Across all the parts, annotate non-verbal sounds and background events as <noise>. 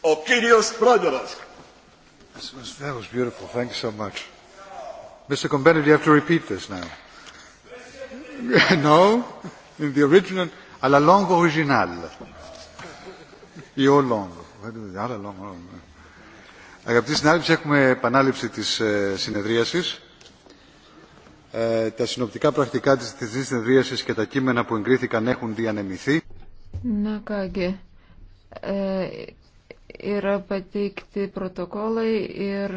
ο κύριος Πρόεδρος. That was, that was beautiful. Thank you so much. Mr. Combenet, you have to repeat this now. <laughs> no? In the original, à la langue originale. Your langue. Άρα langue. Αγαπητοί συνάδελφοι, έχουμε επανάληψη της συνεδρίασης. Ε, τα συνοπτικά πρακτικά της θεσμής συνεδρίασης και τα κείμενα που εγκρίθηκαν έχουν διανεμηθεί. Να κάγε. Ε, yra pateikti protokolai ir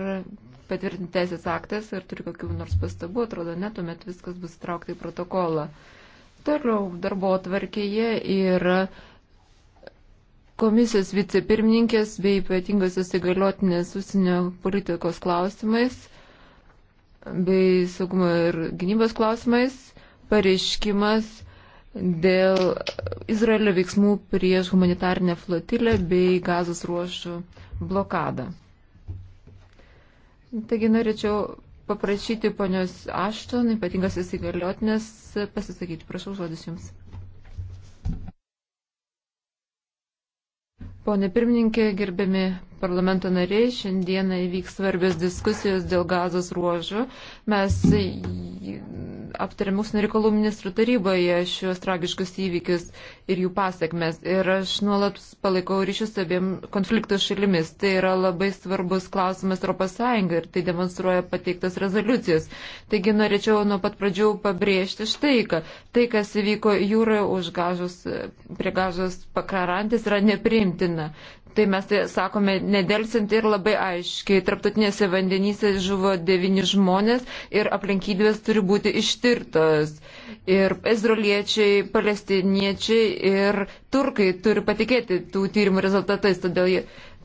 patvirtinti teisės aktas, ar turi kokių nors pastabų, atrodo, ne, tuomet viskas bus traukta į protokolą. Toliau darbo atvarkėje yra komisijos vicepirmininkės bei ypatingos įsigaliotinės užsienio politikos klausimais bei saugumo ir gynybos klausimais pareiškimas dėl Izraelio veiksmų prieš humanitarnę flotilę bei gazos ruošų blokadą. Taigi norėčiau paprašyti ponios Ašton, ypatingas įsigaliotinės, pasisakyti. Prašau, žodis jums. Pone pirmininkė, gerbiami parlamento nariai, šiandieną įvyks svarbios diskusijos dėl gazos ruožų. Mes aptarėm mūsų reikalų ministrų taryboje šios tragiškus įvykius ir jų pasiekmes. Ir aš nuolat palaikau ryšius abiem konflikto šalimis. Tai yra labai svarbus klausimas ES ir tai demonstruoja pateiktas rezoliucijas. Taigi norėčiau nuo pat pradžių pabrėžti štai, kad tai, kas įvyko jūroje už gažos, prie gažos pakrarantys, yra neprimtina. Tai mes tai sakome nedelsint ir labai aiškiai. Tarptautinėse vandenyse žuvo devyni žmonės ir aplinkybės turi būti ištirtos. Ir izraeliečiai, palestiniečiai ir turkai turi patikėti tų tyrimų rezultatais. Todėl,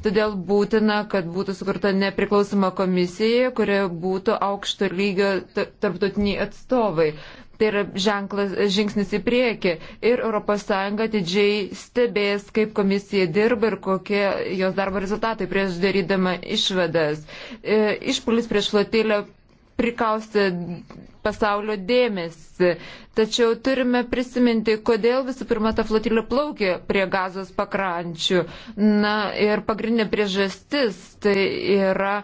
todėl būtina, kad būtų sukurta nepriklausoma komisija, kurioje būtų aukšto lygio tarptautiniai atstovai. Tai yra ženklas, žingsnis į priekį ir ES didžiai stebės, kaip komisija dirba ir kokie jos darbo rezultatai prieš darydama išvadas. E, Išpolis prieš flotilę prikausti pasaulio dėmesį. Tačiau turime prisiminti, kodėl visų pirma ta flotilė plaukė prie gazos pakrančių. Na ir pagrindinė priežastis tai yra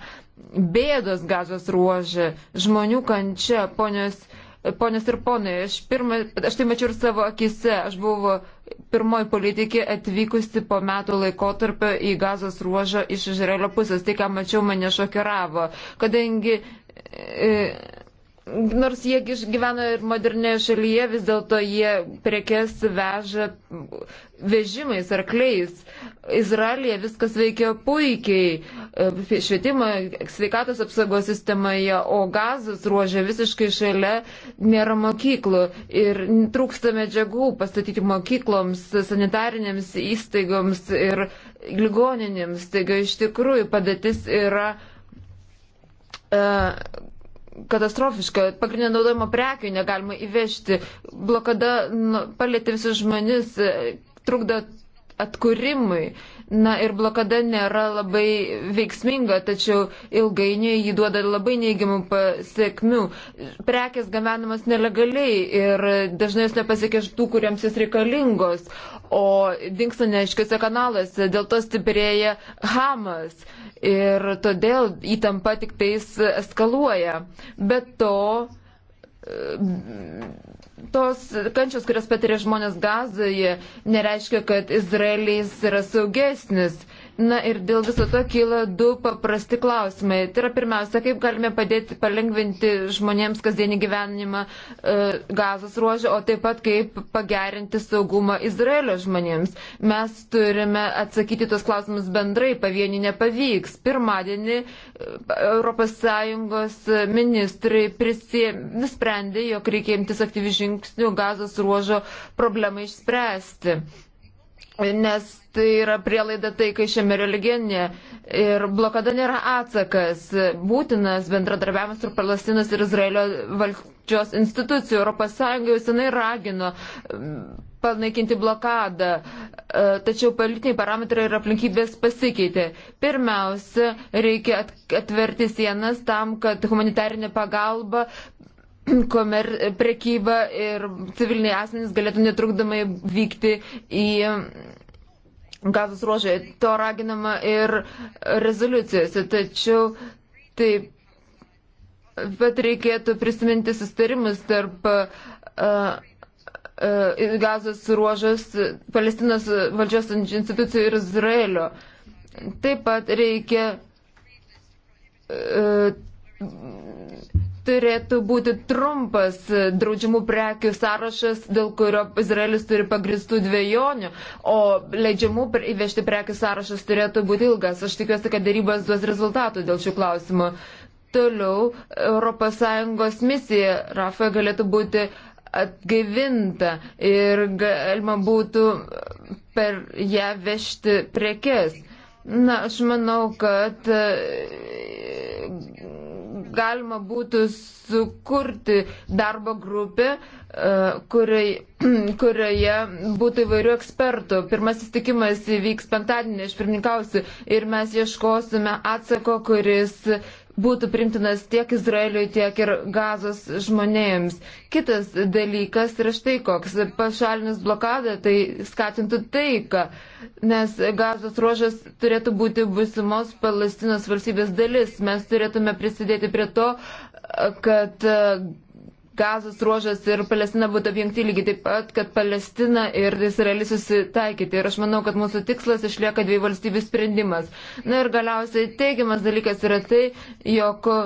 bėdos gazos ruožė, žmonių kančia, ponios Ponės ir ponai, aš, pirma, aš tai mačiau ir savo akise. Aš buvau pirmoji politikė atvykusi po metų laikotarpio į gazos ruožą iš Izraelio pusės. Tai, ką mačiau, mane šokiravo. Kadangi e, nors jie gyvena ir modernėje šalyje, vis dėlto jie prekes veža vežimais, arkliais. Izraelija viskas veikia puikiai, e, švietimo, sveikatos apsaugos sistemoje, o gazos ruožė visiškai šalia nėra mokyklų ir trūksta medžiagų pastatyti mokykloms, sanitarinėms įstaigoms ir ligoninėms. Taigi iš tikrųjų padėtis yra. Uh, katastrofiška. Pagrindinio naudojimo prekių negalima įvežti. Blokada nu, palėtė visus žmonės, e, trukdo atkūrimui. Na ir blokada nėra labai veiksminga, tačiau ilgainiui jį duoda labai neigiamų pasiekmių. Prekės gaminamas nelegaliai ir dažnai jis nepasiekia tų, kuriems jis reikalingos, o dinksta neaiškiuose kanaluose, dėl to stiprėja Hamas ir todėl įtampa tik tais eskaluoja. Bet to tos kančios, kurias patiria žmonės gazoje, nereiškia, kad Izraelis yra saugesnis. Na ir dėl viso to kyla du paprasti klausimai. Tai yra pirmiausia, kaip galime padėti palengventi žmonėms kasdienį gyvenimą e, gazos ruožą, o taip pat kaip pagerinti saugumą Izraelio žmonėms. Mes turime atsakyti tos klausimus bendrai, pavieni nepavyks. Pirmadienį ES ministrai prisė, nusprendė, jog reikia imtis aktyvių žingsnių gazos ruožo problemą išspręsti. Nes tai yra prielaida taikai šiame religionė ir blokada nėra atsakas. Būtinas bendradarbiavimas tarp Palestinos ir Izraelio valdžios institucijų. ES jau senai ragino panaikinti blokadą, e, tačiau politiniai parametrai ir aplinkybės pasikeitė. Pirmiausia, reikia atverti sienas tam, kad humanitarinė pagalba komer, prekyba ir civiliniai asmenys galėtų netrukdomai vykti į gazos ruožai. To raginama ir rezoliucijose, tačiau taip pat reikėtų prisiminti sustarimus tarp uh, uh, gazos ruožas, Palestinos valdžios institucijų ir Izraelio. Taip pat reikia uh, turėtų būti trumpas draudžiamų prekių sąrašas, dėl kurio Izraelis turi pagristų dviejonių, o leidžiamų įvežti prekių sąrašas turėtų būti ilgas. Aš tikiuosi, kad darybos duos rezultatų dėl šių klausimų. Toliau ES misija Rafoje galėtų būti atgaivinta ir galima būtų per ją vežti prekes. Na, aš manau, kad galima būtų sukurti darbo grupę, e, kuriai, <clears throat> kurioje būtų įvairių ekspertų. Pirmasis tikimas įvyks penktadienį, aš pirmininkausiu, ir mes ieškosime atsako, kuris būtų primtinas tiek Izraeliui, tiek ir gazos žmonėms. Kitas dalykas yra štai koks. Pašalinus blokadą tai skatintų taiką, nes gazos ruožas turėtų būti busimos Palestinos valstybės dalis. Mes turėtume prisidėti prie to, kad Gazos ruožas ir Palestina būtų apjungti lygiai taip pat, kad Palestina ir Izraelis susitaikyti. Ir aš manau, kad mūsų tikslas išlieka dviejų valstybių sprendimas. Na ir galiausiai teigiamas dalykas yra tai, jog e,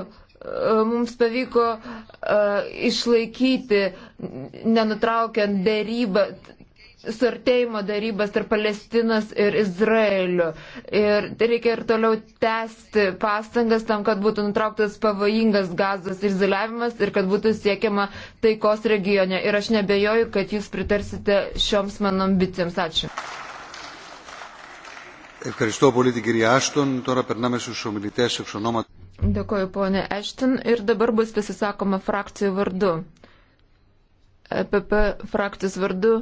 mums pavyko uh, išlaikyti, nenutraukiant dėrybą, suartėjimo darybas tarp Palestinos ir Izraelio. Ir reikia ir toliau tęsti pastangas tam, kad būtų nutrauktas pavojingas gazos izoliavimas ir kad būtų siekiama taikos regione. Ir aš nebejoju, kad jūs pritarsite šioms mano ambicijoms. Ačiū. Ευχαριστώ πολύ την κυρία Άστον. Τώρα περνάμε στους ομιλητές εξ ονόματος. Dėkoju, ponė Ešten. Ir dabar bus pasisakoma frakcijų vardu. EPP frakcijos vardu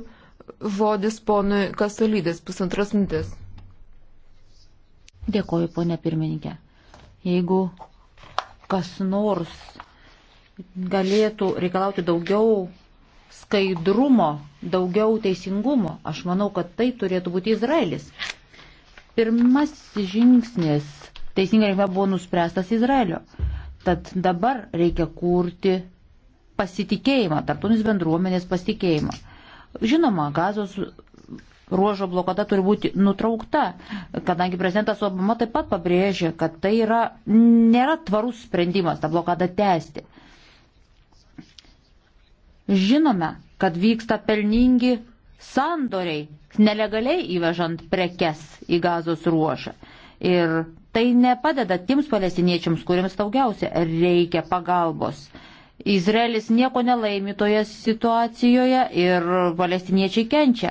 žodis ponui Kasolydės pusantros minutės. Dėkoju, ponė pirmininkė. Jeigu kas nors galėtų reikalauti daugiau skaidrumo, daugiau teisingumo, aš manau, kad tai turėtų būti Izraelis. Pirmasis žingsnis teisingai linkme buvo nuspręstas Izraelio. Tad dabar reikia kurti pasitikėjimą, tartunis bendruomenės pasitikėjimą. Žinoma, gazos ruožo blokada turi būti nutraukta, kadangi prezidentas Obama taip pat pabrėžė, kad tai yra, nėra tvarus sprendimas tą blokadą tęsti. Žinome, kad vyksta pelningi sandoriai, nelegaliai įvežant prekes į gazos ruožą. Ir tai nepadeda tiems palestiniečiams, kuriems daugiausia reikia pagalbos. Izraelis nieko nelaimi toje situacijoje ir palestiniečiai kenčia.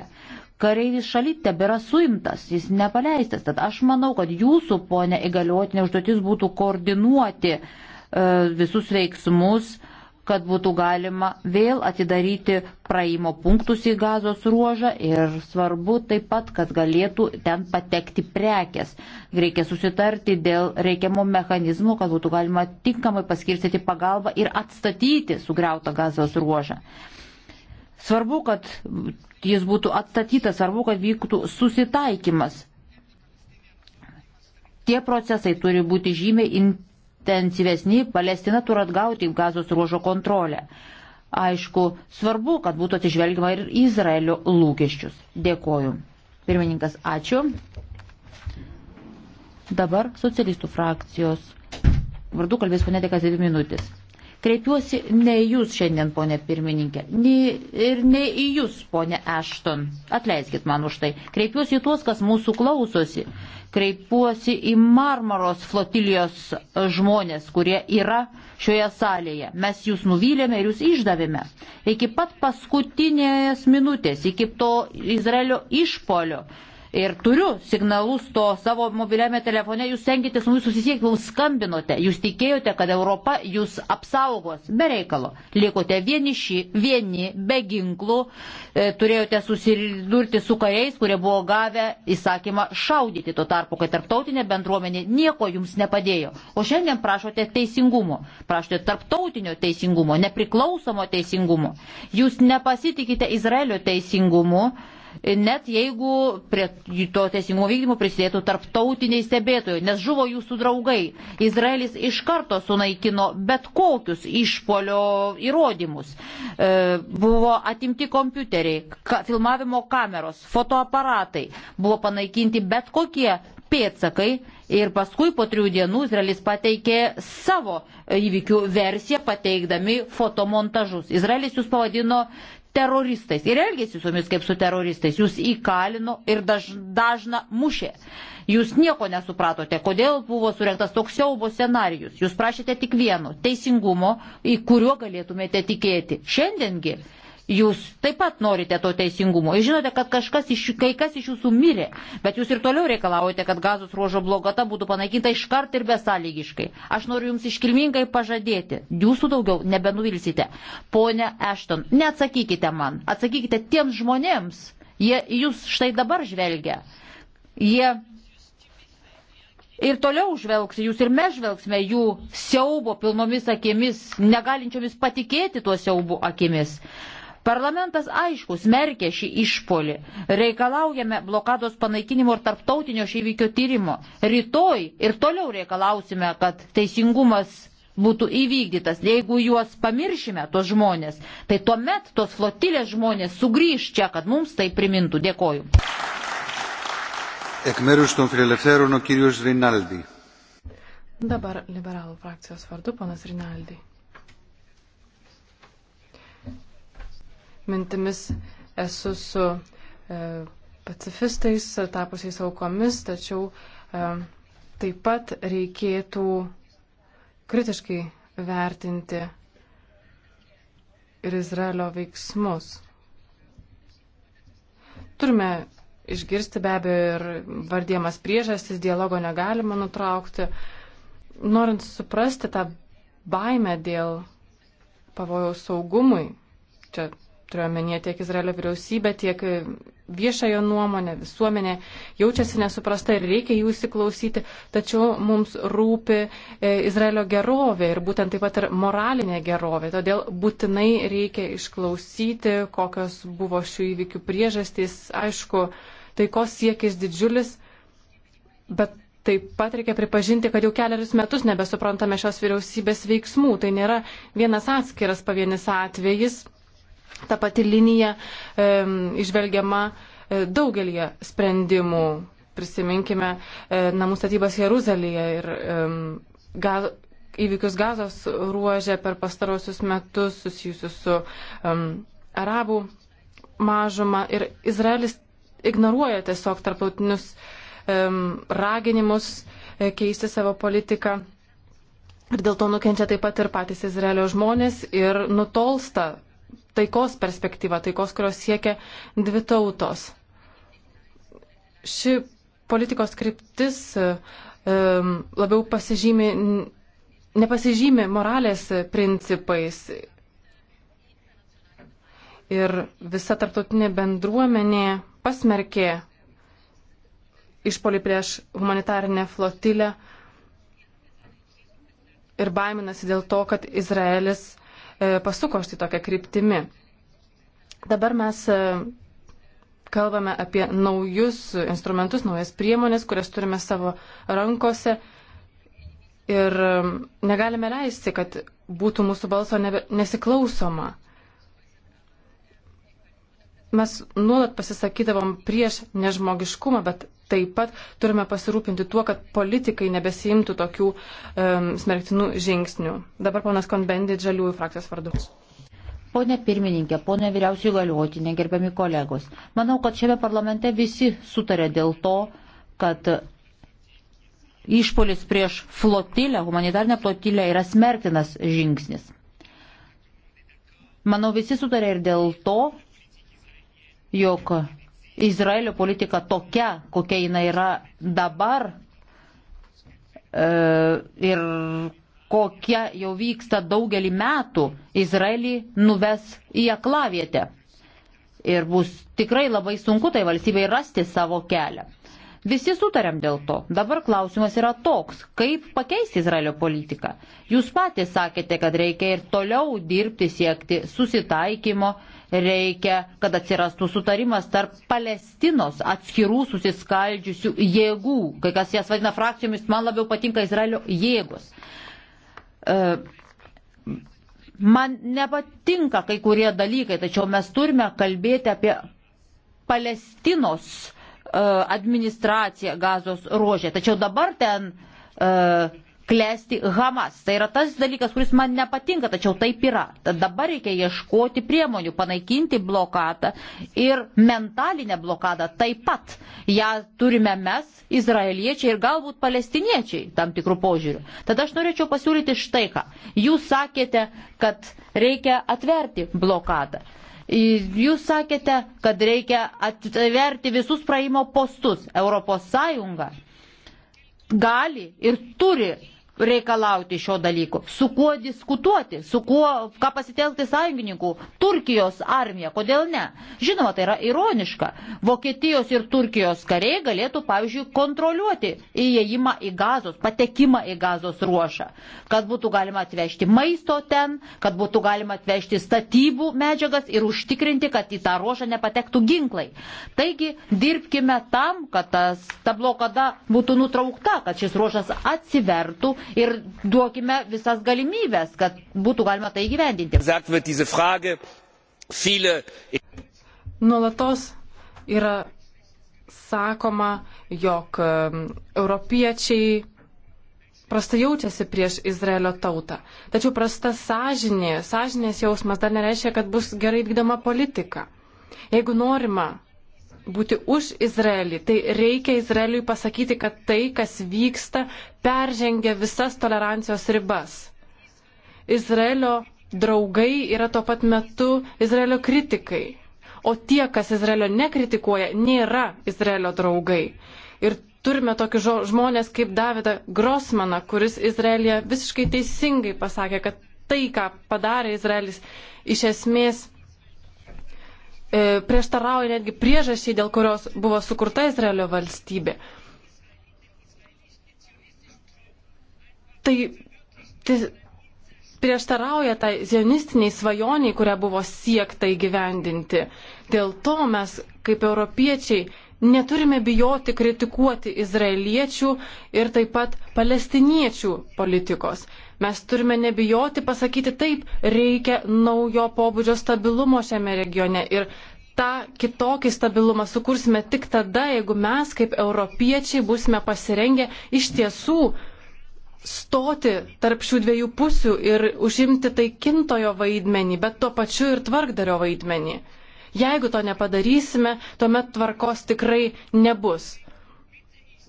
Kareivis šalyt tebėra suimtas, jis nepaleistas. Tad aš manau, kad jūsų, ponė įgaliotinė, užduotis būtų koordinuoti e, visus veiksmus kad būtų galima vėl atidaryti praeimo punktus į gazos ruožą ir svarbu taip pat, kad galėtų ten patekti prekes. Reikia susitarti dėl reikiamų mechanizmų, kad būtų galima tinkamai paskirstyti pagalbą ir atstatyti sugriautą gazos ruožą. Svarbu, kad jis būtų atstatytas, svarbu, kad vyktų susitaikymas. Tie procesai turi būti žymiai intensyvesni, Palestina turi atgauti gazos ruožo kontrolę. Aišku, svarbu, kad būtų atsižvelgiama ir Izraelio lūkesčius. Dėkoju. Pirmininkas, ačiū. Dabar socialistų frakcijos vardu kalbės ponė Dekas 2 minutės. Kreipiuosi ne į jūs šiandien, ponė pirmininkė, ne, ir ne į jūs, ponė Ashton. Atleiskit man už tai. Kreipiuosi į tuos, kas mūsų klausosi. Kreipiuosi į Marmaros flotilijos žmonės, kurie yra šioje salėje. Mes jūs nuvylėme ir jūs išdavėme. Iki pat paskutinės minutės, iki to Izraelio išpolio ir turiu signalus to savo mobiliame telefone, jūs tenkitės mums susisiekti, mums skambinote, jūs tikėjote, kad Europa jūs apsaugos, be reikalo. Likote vieniši, vieni, be ginklų, e, turėjote susidurti su kariais, kurie buvo gavę įsakymą šaudyti, tuo tarpu, kad tarptautinė bendruomenė nieko jums nepadėjo. O šiandien prašote teisingumo, prašote tarptautinio teisingumo, nepriklausomo teisingumo. Jūs nepasitikite Izraelio teisingumu net jeigu prie to teisingumo vykdymo prisidėtų tarptautiniai stebėtojai, nes žuvo jūsų draugai. Izraelis iš karto sunaikino bet kokius išpolio įrodymus. E, buvo atimti kompiuteriai, ka, filmavimo kameros, fotoaparatai, buvo panaikinti bet kokie pėtsakai. Ir paskui po trijų dienų Izraelis pateikė savo įvykių versiją, pateikdami fotomontažus. Izraelis jūs pavadino teroristais ir elgėsi su jumis kaip su teroristais. Jūs įkalino ir daž, dažna mušė. Jūs nieko nesupratote, kodėl buvo surinktas toks siaubo scenarijus. Jūs prašėte tik vieno - teisingumo, į kuriuo galėtumėte tikėti. Šiandiengi Jūs taip pat norite to teisingumo. Jūs žinote, kad kažkas iš, kai kas iš jūsų mirė, bet jūs ir toliau reikalaujate, kad gazos ruožo blogata būtų panaikinta iškart ir besąlygiškai. Aš noriu jums iškilmingai pažadėti, jūsų daugiau nebenuvilsite. Pone Ešton, neatsakykite man, atsakykite tiems žmonėms, jie jūs štai dabar žvelgia. Jie ir toliau žvelgs, jūs ir mes žvelgsime jų siaubo pilnomis akimis, negalinčiomis patikėti tuo siaubu akimis. Parlamentas aiškus merkė šį išpolį. Reikalaujame blokados panaikinimo ir tarptautinio šį įvykio tyrimo. Rytoj ir toliau reikalausime, kad teisingumas būtų įvykdytas. Jeigu juos pamiršime, tos žmonės, tai tuomet tos flotilės žmonės sugrįž čia, kad mums tai primintų. Dėkoju. Dabar liberalų frakcijos vardu, ponas Rinaldi. mintimis esu su e, pacifistais, tapusiais aukomis, tačiau e, taip pat reikėtų kritiškai vertinti ir Izraelio veiksmus. Turime išgirsti be abejo ir vardėmas priežastis, dialogo negalima nutraukti. Norint suprasti tą baimę dėl pavojaus saugumui, čia turiuomenėje tiek Izraelio vyriausybė, tiek viešojo nuomonė, visuomenė jaučiasi nesuprasta ir reikia jų įsiklausyti, tačiau mums rūpi e, Izraelio gerovė ir būtent taip pat ir moralinė gerovė. Todėl būtinai reikia išklausyti, kokios buvo šių įvykių priežastys. Aišku, taikos siekis didžiulis, bet Taip pat reikia pripažinti, kad jau keliarius metus nebesuprantame šios vyriausybės veiksmų. Tai nėra vienas atskiras pavienis atvejis ta pati linija e, išvelgiama e, daugelie sprendimų. Prisiminkime e, namų statybas Jeruzalėje ir e, gal, įvykius gazos ruožė per pastarosius metus susijusius su um, arabų mažuma ir Izraelis ignoruoja tiesiog tarptautinius um, raginimus e, keisti savo politiką. Ir dėl to nukenčia taip pat ir patys Izraelio žmonės ir nutolsta taikos perspektyvą, taikos, kurios siekia dvi tautos. Ši politikos kryptis e, labiau pasižymi, nepasižymi moralės principais. Ir visa tarptautinė bendruomenė pasmerkė išpolį prieš humanitarinę flotilę ir baiminasi dėl to, kad Izraelis E, pasuko štai tokią kryptimį. Dabar mes e, kalbame apie naujus instrumentus, naujas priemonės, kurias turime savo rankose ir e, negalime leisti, kad būtų mūsų balso nebe, nesiklausoma mes nuolat pasisakydavom prieš nežmogiškumą, bet taip pat turime pasirūpinti tuo, kad politikai nebesiimtų tokių um, smerktinų žingsnių. Dabar ponas Konbendit žaliųjų frakcijos vardu. Pone pirmininkė, pone vyriausių įgaliotinė, gerbiami kolegos, manau, kad šiame parlamente visi sutarė dėl to, kad išpolis prieš flotilę, humanitarinę flotilę yra smertinas žingsnis. Manau, visi sutarė ir dėl to, jog Izraelio politika tokia, kokia jinai yra dabar e, ir kokia jau vyksta daugelį metų, Izraelį nuves į aklavietę. Ir bus tikrai labai sunku tai valstybei rasti savo kelią. Visi sutarėm dėl to. Dabar klausimas yra toks, kaip pakeisti Izraelio politiką. Jūs patys sakėte, kad reikia ir toliau dirbti, siekti susitaikymo, uh, Reikia, kad atsirastų sutarimas tarp Palestinos atskirų susiskaldžiusių jėgų. Kai kas jas vadina frakcijomis, man labiau patinka Izraelio jėgos. E, man nepatinka kai kurie dalykai, tačiau mes turime kalbėti apie Palestinos e, administracija gazos ruožė. Tačiau dabar ten uh, klesti Hamas. Tai yra tas dalykas, kuris man nepatinka, tačiau taip yra. Tad dabar reikia ieškoti priemonių, panaikinti blokadą ir mentalinę blokadą taip pat. Ja turime mes, izraeliečiai ir galbūt palestiniečiai tam tikrų požiūrių. Tad aš norėčiau pasiūlyti štai ką. Jūs sakėte, kad reikia atverti blokadą. Jūs sakėte, kad reikia atverti visus praeimo postus. Europos Sąjunga gali ir turi reikalauti šio dalyko, su kuo diskutuoti, su kuo, ką pasitelkti sąjungininkų, Turkijos armija, kodėl ne. Žinoma, tai yra ironiška. Vokietijos ir Turkijos kariai galėtų, pavyzdžiui, kontroliuoti įėjimą į gazos, patekimą į gazos ruošą, kad būtų galima atvežti maisto ten, kad būtų galima atvežti statybų medžiagas ir užtikrinti, kad į tą ruošą nepatektų ginklai. Taigi, dirbkime tam, kad tas, ta blokada būtų nutraukta, kad šis ruošas atsivertų ir duokime visas galimybės, kad būtų galima tai įgyvendinti. Nuolatos yra sakoma, jog europiečiai prastai jaučiasi prieš Izraelio tautą. Tačiau prasta sąžinė, sąžinės jausmas dar nereiškia, kad bus gerai vykdoma politika. Jeigu norima būti už Izraelį. Tai reikia Izraeliui pasakyti, kad tai, kas vyksta, peržengia visas tolerancijos ribas. Izraelio draugai yra tuo pat metu Izraelio kritikai. O tie, kas Izraelio nekritikuoja, nėra Izraelio draugai. Ir turime tokius žmonės kaip Davidą Grossmaną, kuris Izraelija visiškai teisingai pasakė, kad tai, ką padarė Izraelis, iš esmės E, prieštarauja netgi priežasčiai, dėl kurios buvo sukurta Izraelio valstybė. Tai, tai prieštarauja tai zionistiniai svajoniai, kurią buvo siekta įgyvendinti. Dėl to mes, kaip europiečiai, Neturime bijoti kritikuoti izraeliečių ir taip pat palestiniečių politikos. Mes turime nebijoti pasakyti taip, reikia naujo pobūdžio stabilumo šiame regione ir tą kitokį stabilumą sukursime tik tada, jeigu mes kaip europiečiai busime pasirengę iš tiesų stoti tarp šių dviejų pusių ir užimti tai kintojo vaidmenį, bet tuo pačiu ir tvarkdario vaidmenį. Jeigu to nepadarysime, tuomet tvarkos tikrai nebus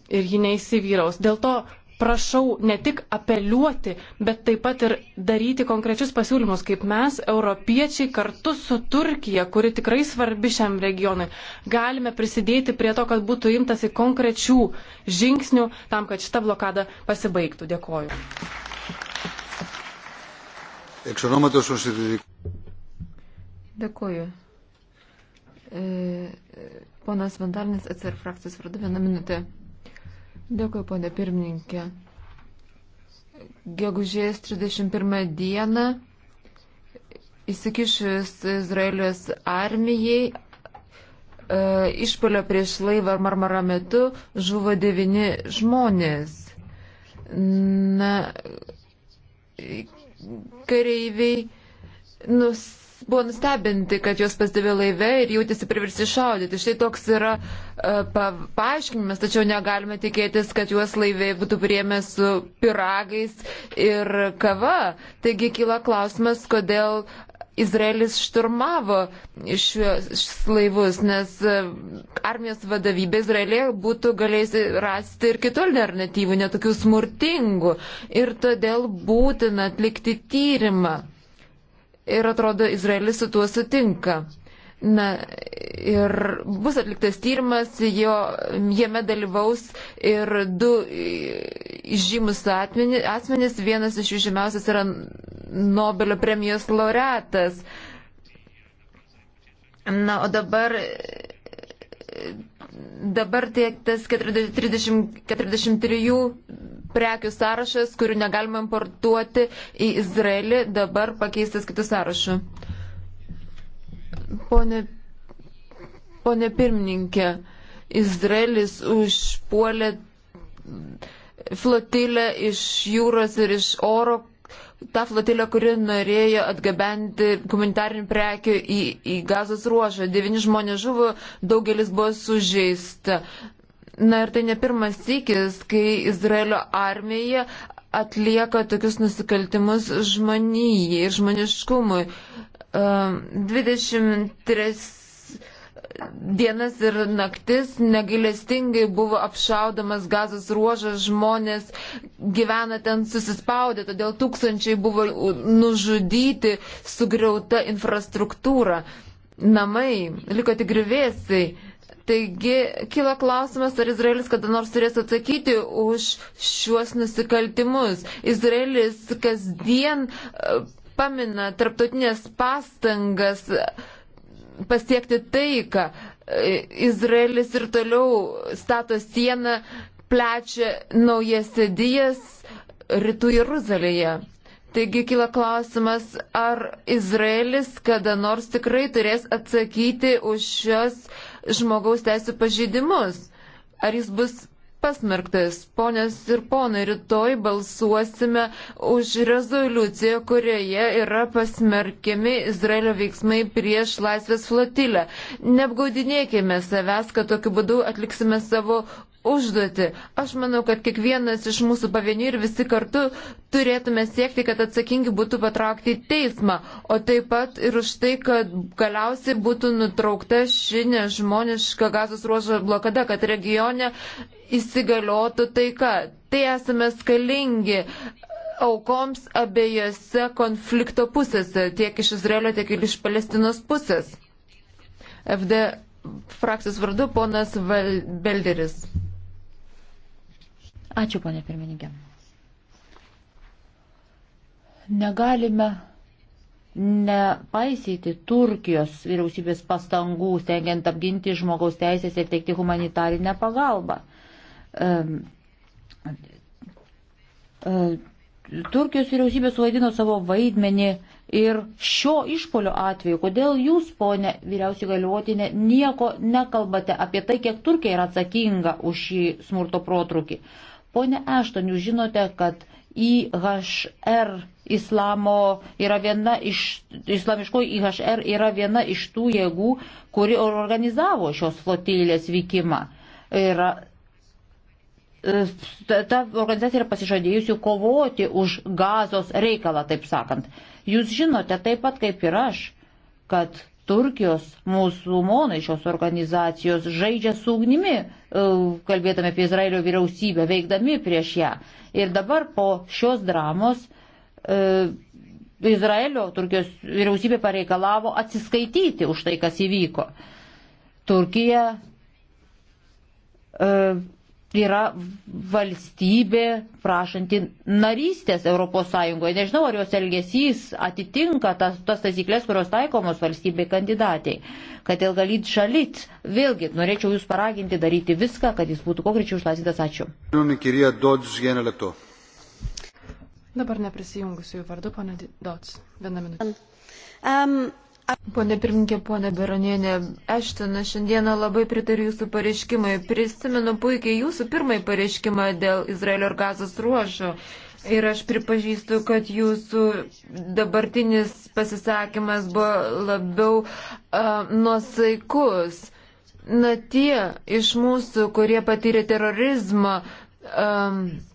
ir ji neįsivyraus. Dėl to prašau ne tik apeliuoti, bet taip pat ir daryti konkrečius pasiūlymus, kaip mes, europiečiai, kartu su Turkija, kuri tikrai svarbi šiam regionui, galime prisidėti prie to, kad būtų imtasi konkrečių žingsnių tam, kad šita blokada pasibaigtų. Dėkoju. Dėkoju. E, ponas Vandalinis atsir frakcijos vardu vieną minutę. Dėkuoju, ponė pirmininkė. Gegužės 31 dieną įsikišus Izraelijos armijai e, išpolio prieš laivą Marmara metu žuvo devini žmonės. Na, kareiviai nus buvo nustebinti, kad juos pastebė laive ir jautėsi priversti šaudyti. Štai toks yra e, pa, paaiškinimas, tačiau negalime tikėtis, kad juos laivai būtų priemę su piragais ir kava. Taigi kyla klausimas, kodėl Izraelis šturmavo šios laivus, nes e, armijos vadovybė Izraelė būtų galėjusi rasti ir kitų alternatyvų, netokių smurtingų. Ir todėl būtina atlikti tyrimą ir atrodo Izraelis su tuo sutinka. Na ir bus atliktas tyrimas, jo, jame dalyvaus ir du žymus asmenys, vienas iš jų žymiausias yra Nobelio premijos laureatas. Na, o dabar dabar tiek tas 40, 30, 43 prekių sąrašas, kurių negalima importuoti į Izraelį, dabar pakeistas kitų sąrašų. Pone, pone pirmininkė, Izraelis užpuolė flotilę iš jūros ir iš oro tą flotilę, kuri norėjo atgabenti humanitarinių prekių į, į gazos ruožą. Devini žmonės žuvo, daugelis buvo sužeista. Na ir tai ne pirmas sykis, kai Izraelio armija atlieka tokius nusikaltimus žmonijai ir žmoniškumui. 23 ehm, dienas ir naktis negailestingai buvo apšaudamas gazos ruožas, žmonės gyvena ten susispaudę, todėl tūkstančiai buvo nužudyti, sugriauta infrastruktūra, namai, liko tik grįvėsiai. Taigi kila klausimas, ar Izraelis kada nors turės atsakyti už šiuos nusikaltimus. Izraelis kasdien e, pamina tarptautinės pastangas e, pasiekti taiką. E, Izraelis ir toliau stato sieną, plečia naujas sėdijas rytų Jeruzalėje. Taigi kila klausimas, ar Izraelis kada nors tikrai turės atsakyti už šios uh, žmogaus teisų pažydimus. Ar jis bus pasmerktas? Ponės ir ponai, rytoj balsuosime už rezoliuciją, kurioje yra pasmerkiami Izraelio veiksmai prieš laisvės flotilę. Neapgaudinėkime savęs, kad tokiu būdu atliksime savo užduotį. Aš manau, kad kiekvienas iš mūsų pavienių ir visi kartu turėtume siekti, kad atsakingi būtų patraukti į teismą, o taip pat ir už tai, kad galiausiai būtų nutraukta ši nežmoniška gazos ruožo blokada, kad regione įsigaliotų taika. Tai esame skalingi aukoms abiejose konflikto pusėse, tiek iš Izraelio, tiek ir iš Palestinos pusės. FD frakcijos vardu ponas Belderis. Ačiū, ponė pirmininkė. Negalime nepaisyti Turkijos vyriausybės pastangų, stengiant apginti žmogaus teisės ir teikti humanitarinę pagalbą. Um, um, Turkijos vyriausybė suvaidino savo vaidmenį ir šio išpolio atveju, kodėl jūs, ponė vyriausiai galiuotinė, nieko nekalbate apie tai, kiek Turkija yra atsakinga už šį smurto protrukį. Pone Ešton, jūs žinote, kad IHR islamo yra viena iš, islamiškoji IHR yra viena iš tų jėgų, kuri organizavo šios flotilės vykimą. Ir e, ta organizacija yra pasižadėjusi kovoti už gazos reikalą, taip sakant. Jūs žinote taip pat kaip ir aš, kad Turkijos musulmonai šios organizacijos žaidžia su ugnimi, e, kalbėdami apie Izraelio vyriausybę, veikdami prieš ją. Ir dabar po šios dramos e, Izraelio Turkijos vyriausybė pareikalavo atsiskaityti už tai, kas įvyko. Turkija e, yra valstybė prašanti narystės ES. Nežinau, ar jos elgesys atitinka tas, tas taisyklės, kurios taikomos valstybei kandidatiai. Kad ilgalyt šalit, vėlgi norėčiau jūs paraginti daryti viską, kad jis būtų kuo greičiau išlaisvintas. Ačiū. Dabar neprisijungusiu jų vardu, ponė Dots. Vieną minutę. Um, Pone pirminkė, pone Beronienė, Ešten, aš šiandieną labai pritariu jūsų pareiškimai. Prisimenu puikiai jūsų pirmąjį pareiškimą dėl Izraelio ir Gazos ruožo. Ir aš pripažįstu, kad jūsų dabartinis pasisakymas buvo labiau uh, nuosaikus. Na tie iš mūsų, kurie patyrė terorizmą, um, uh,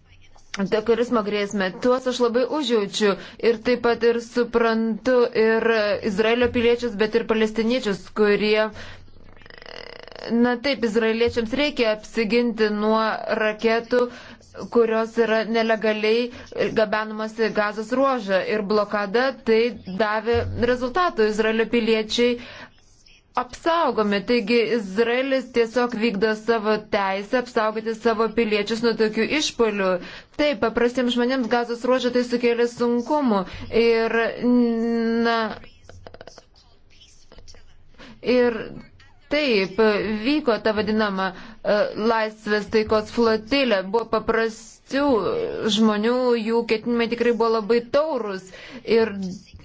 terorizmo grėsmę. Tuos aš labai užjaučiu ir taip pat ir suprantu ir Izraelio piliečius, bet ir palestiniečius, kurie. Na taip, izraeliečiams reikia apsiginti nuo raketų, kurios yra nelegaliai gabenamas į gazos ruožą. Ir blokada tai davė rezultatų. Izraelio piliečiai apsaugomi. Taigi Izraelis tiesiog vykdo savo teisę apsaugoti savo piliečius nuo tokių išpolių. Taip, paprastiems žmonėms gazos ruožą tai sukėlė sunkumų. Ir, na, ir Taip, vyko ta vadinama e, laisvės taikos flotilė, buvo paprastų žmonių, jų ketinimai tikrai buvo labai taurus ir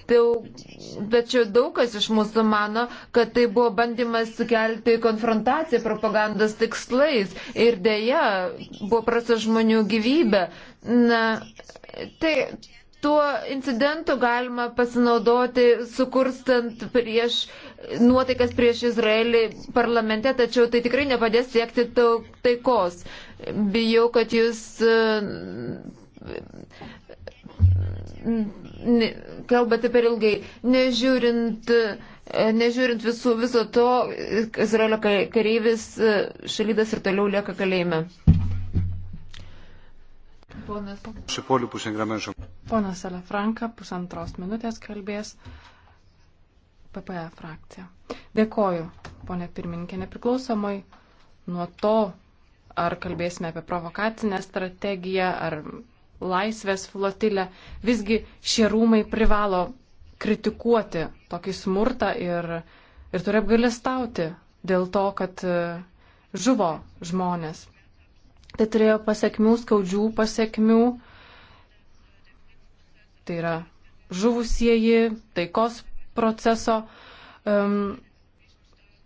Daug, tačiau daug kas iš mūsų mano, kad tai buvo bandymas sukelti konfrontaciją propagandos tikslais ir dėja buvo prasta žmonių gyvybė. Na, tai tuo incidentu galima pasinaudoti, sukurstant prieš nuotaikas prieš Izraelį parlamente, tačiau tai tikrai nepadės siekti taikos. Bijau, kad jūs kalbate per ilgai, nežiūrint, e, nežiūrint visų, viso to, Izraelio kareivis e, šalydas ir toliau lieka kalėjime. Ponas, Ponas Elefranka, pusantros minutės kalbės PPE frakcija. Dėkoju, ponė pirmininkė, nepriklausomai nuo to, ar kalbėsime apie provokacinę strategiją, ar laisvės flotilę. Visgi šie rūmai privalo kritikuoti tokį smurtą ir, ir turi apgalestauti dėl to, kad e, žuvo žmonės. Tai turėjo pasiekmių, skaudžių pasiekmių. Tai yra žuvusieji, taikos proceso um,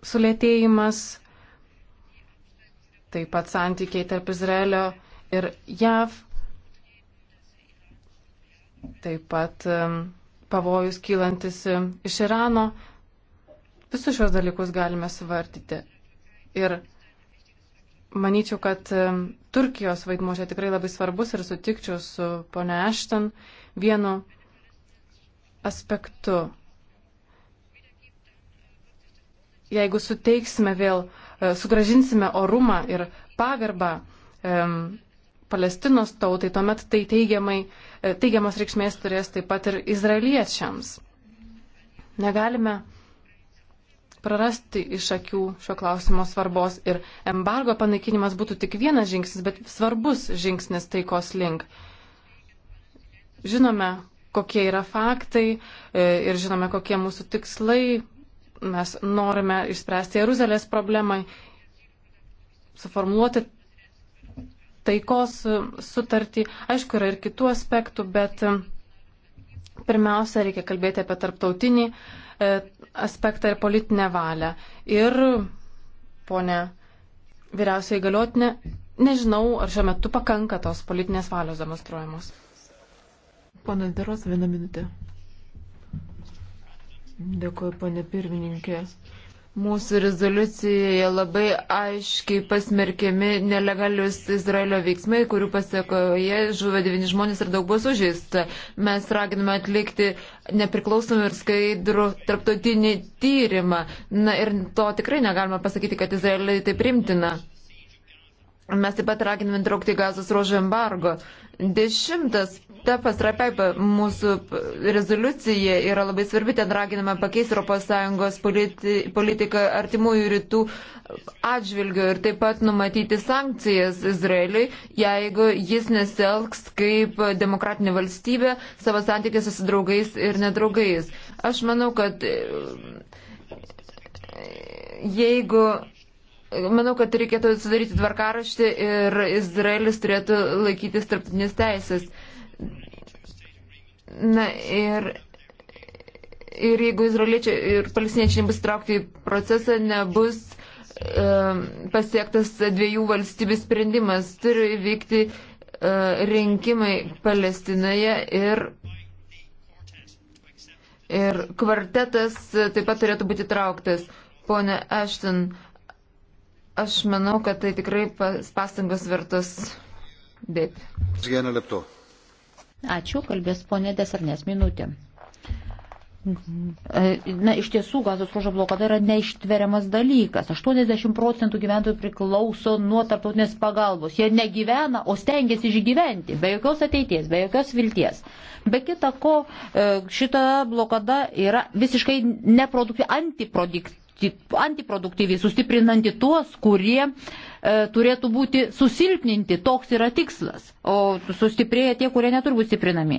sulėtėjimas, taip pat santykiai tarp Izraelio ir JAV taip pat pavojus kylantis iš Irano. Visus šios dalykus galime svartyti. Ir manyčiau, kad Turkijos vaidmuo čia tikrai labai svarbus ir sutikčiau su ponia Ešten vienu aspektu. Jeigu suteiksime vėl, e, sugražinsime orumą ir pagarbą Palestinos tautai, tuomet tai teigiamai, e, teigiamas reikšmės turės taip pat ir izraeliečiams. Negalime prarasti iš akių šio klausimo svarbos ir embargo panaikinimas būtų tik vienas žingsnis, bet svarbus žingsnis taikos link. Žinome, kokie yra faktai e, ir žinome, kokie mūsų tikslai. Mes norime išspręsti Jeruzalės problemą, suformuoluoti taikos sutartį. Aišku, yra ir kitų aspektų, bet e, pirmiausia, reikia kalbėti apie tarptautinį e, aspektą ir politinę valią. Ir, ponė vyriausiai galiotinė, nežinau, ar šiuo metu pakanka tos politinės valios demonstruojamos. Ponas Deros, vieną minutę. Dėkuoju, ponė pirmininkė. Mūsų rezoliucijoje labai aiškiai pasmerkiami nelegalius Izraelio veiksmai, kurių pasiekoje žuvo devyni žmonės ir daug buvo sužeista. Mes raginame atlikti nepriklausomą ir skaidrų tarptautinį tyrimą. Na ir to tikrai negalima pasakyti, kad Izraeliai tai primtina. Mes taip pat raginame traukti gazos ruožą embargo. Dešimtas ta pastrapia mūsų rezoliucija yra labai svarbi, ten raginama pakeisti ES politi politiką artimųjų rytų atžvilgių ir taip pat numatyti sankcijas Izraeliui, jeigu jis nesielgs kaip demokratinė valstybė savo santykėse su draugais ir nedraugais. Aš manau, kad jeigu Manau, kad reikėtų sudaryti tvarkaraštį ir Izraelis turėtų laikytis tarptautinės teisės. Na ir, ir jeigu izraeliečiai ir palestiniečiai nebus traukti į procesą, nebus um, pasiektas dviejų valstybių sprendimas. Turi įvykti uh, e, rinkimai Palestinoje ir Ir kvartetas taip pat turėtų būti trauktas. Pone Ashton, aš manau, kad tai tikrai pastangos vertos dėti. Ačiū, kalbės ponė Desarnės minutė. E, na, iš tiesų, gazos ruožo blokada yra neištveriamas dalykas. 80 procentų gyventojų priklauso nuo tarptautinės pagalbos. Jie negyvena, o stengiasi išgyventi, be jokios ateities, be jokios vilties. Be kita ko, e, šita blokada yra visiškai neproduktyvi, antiproduktyvi, antiproduktyvi sustiprinanti tuos, kurie uh, E, turėtų būti susilpninti, toks yra tikslas, o sustiprėja tie, kurie neturi būti stiprinami.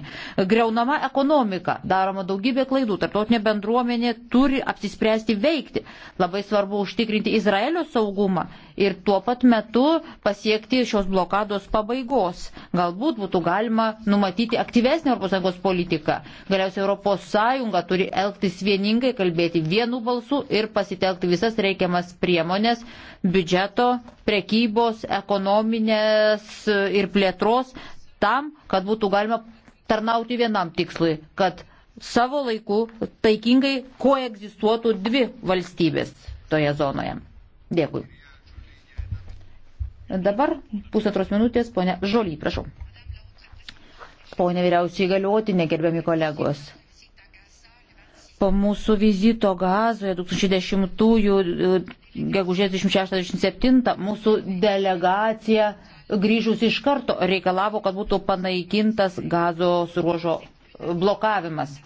Greunama ekonomika, daroma daugybė klaidų, tarptautinė bendruomenė turi apsispręsti veikti. Labai svarbu užtikrinti Izraelio saugumą ir tuo pat metu pasiekti šios blokados pabaigos. Galbūt būtų galima numatyti aktyvesnį ES politiką. Galiausiai ES turi elgtis vieningai, kalbėti vienu balsu ir pasitelkti visas reikiamas priemonės biudžeto prekybos, ekonominės ir plėtros tam, kad būtų galima tarnauti vienam tikslui, kad savo laiku taikingai koegzistuotų dvi valstybės toje zonoje. Dėkui. Dabar pusantros minutės, ponia Žolį, prašau. Pone vyriausiai galiuoti, negerbiami kolegos. Po mūsų vizito Gazoje 2010 gegužės 26-27 mūsų delegacija grįžus iš karto reikalavo, kad būtų panaikintas gazo ruožo blokavimas.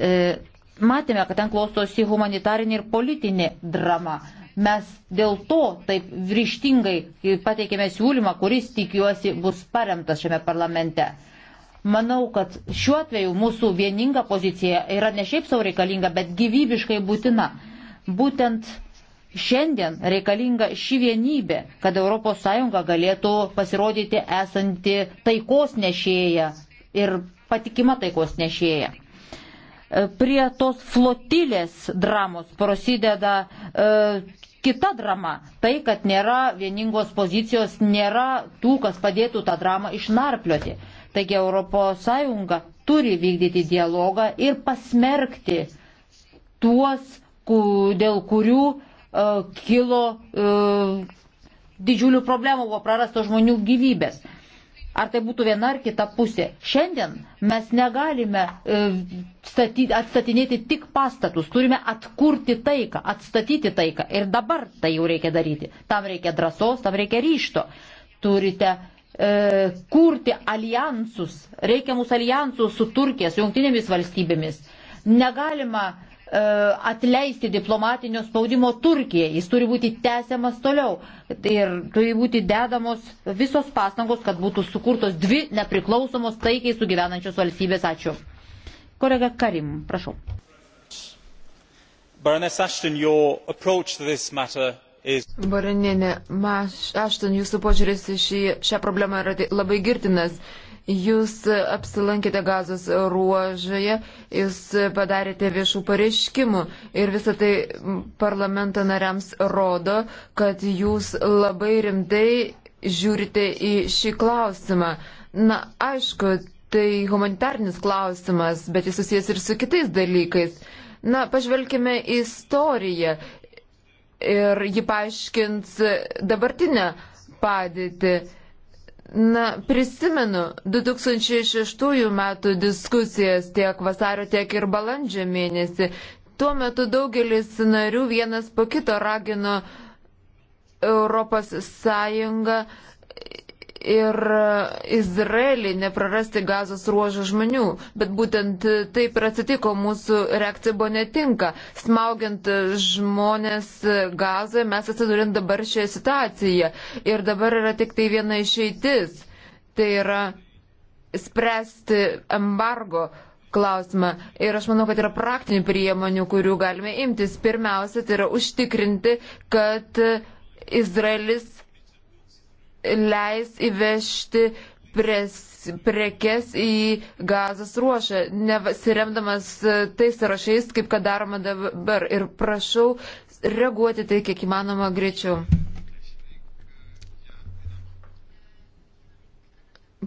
E, matėme, kad ten klostosi humanitarinė ir politinė drama. Mes dėl to taip ryštingai pateikėme siūlymą, kuris tikiuosi bus paremtas šiame parlamente. Manau, kad šiuo atveju mūsų vieninga pozicija yra ne šiaip savo reikalinga, bet gyvybiškai būtina. Būtent Šiandien reikalinga ši vienybė, kad ES galėtų pasirodyti esanti taikos nešėja ir patikima taikos nešėja. E, prie tos flotilės dramos prasideda e, kita drama. Tai, kad nėra vieningos pozicijos, nėra tų, kas padėtų tą dramą išnarplioti. Taigi ES turi vykdyti dialogą ir pasmerkti tuos, dėl kurių E, kilo e, didžiulių problemų, buvo prarastos žmonių gyvybės. Ar tai būtų viena ar kita pusė. Šiandien mes negalime e, statyti, atstatinėti tik pastatus, turime atkurti taiką, atstatyti taiką. Ir dabar tai jau reikia daryti. Tam reikia drąsos, tam reikia ryšto. Turite e, kurti alijansus, reikiamus alijansus su Turkija, su jungtinėmis valstybėmis. Negalima E, atleisti diplomatinio spaudimo Turkijai. Jis turi būti tęsiamas toliau ir turi būti dedamos visos pastangos, kad būtų sukurtos dvi nepriklausomos taikiai sugyvenančios valstybės. Ačiū. Kolega Karim, prašau. Baroness Ashton, your approach to this matter Baranienė, aš ten jūsų požiūris į šį, šią problemą yra tai- labai girtinas. Jūs apsilankėte gazos ruožoje, jūs padarėte viešų pareiškimų ir visą tai parlamento nariams rodo, kad jūs labai rimtai žiūrite į šį klausimą. Na, aišku, tai humanitarnis klausimas, bet jis susijęs ir su kitais dalykais. Na, pažvelkime į istoriją ir ji paaiškins dabartinę padėtį. Na, prisimenu 2006 metų diskusijas tiek vasario, tiek ir balandžio mėnesį. Tuo metu daugelis narių vienas po kito ragino Europos Sąjungą uh, ir Izraelį neprarasti gazos ruožo žmonių. Bet būtent taip ir atsitiko, mūsų reakcija buvo netinka. Smaugiant žmonės gazoje, mes atsidurint dabar šią situaciją. Ir dabar yra tik tai viena išeitis. Tai yra spręsti embargo klausimą. Ir aš manau, kad yra praktinių priemonių, kurių galime imtis. Pirmiausia, tai yra užtikrinti, kad Izraelis leis įvežti pres, prekes į gazas ruošą, nesiremdamas e, tais sąrašais, kaip kad daroma dabar. Ir prašau reaguoti tai kiek įmanoma greičiau.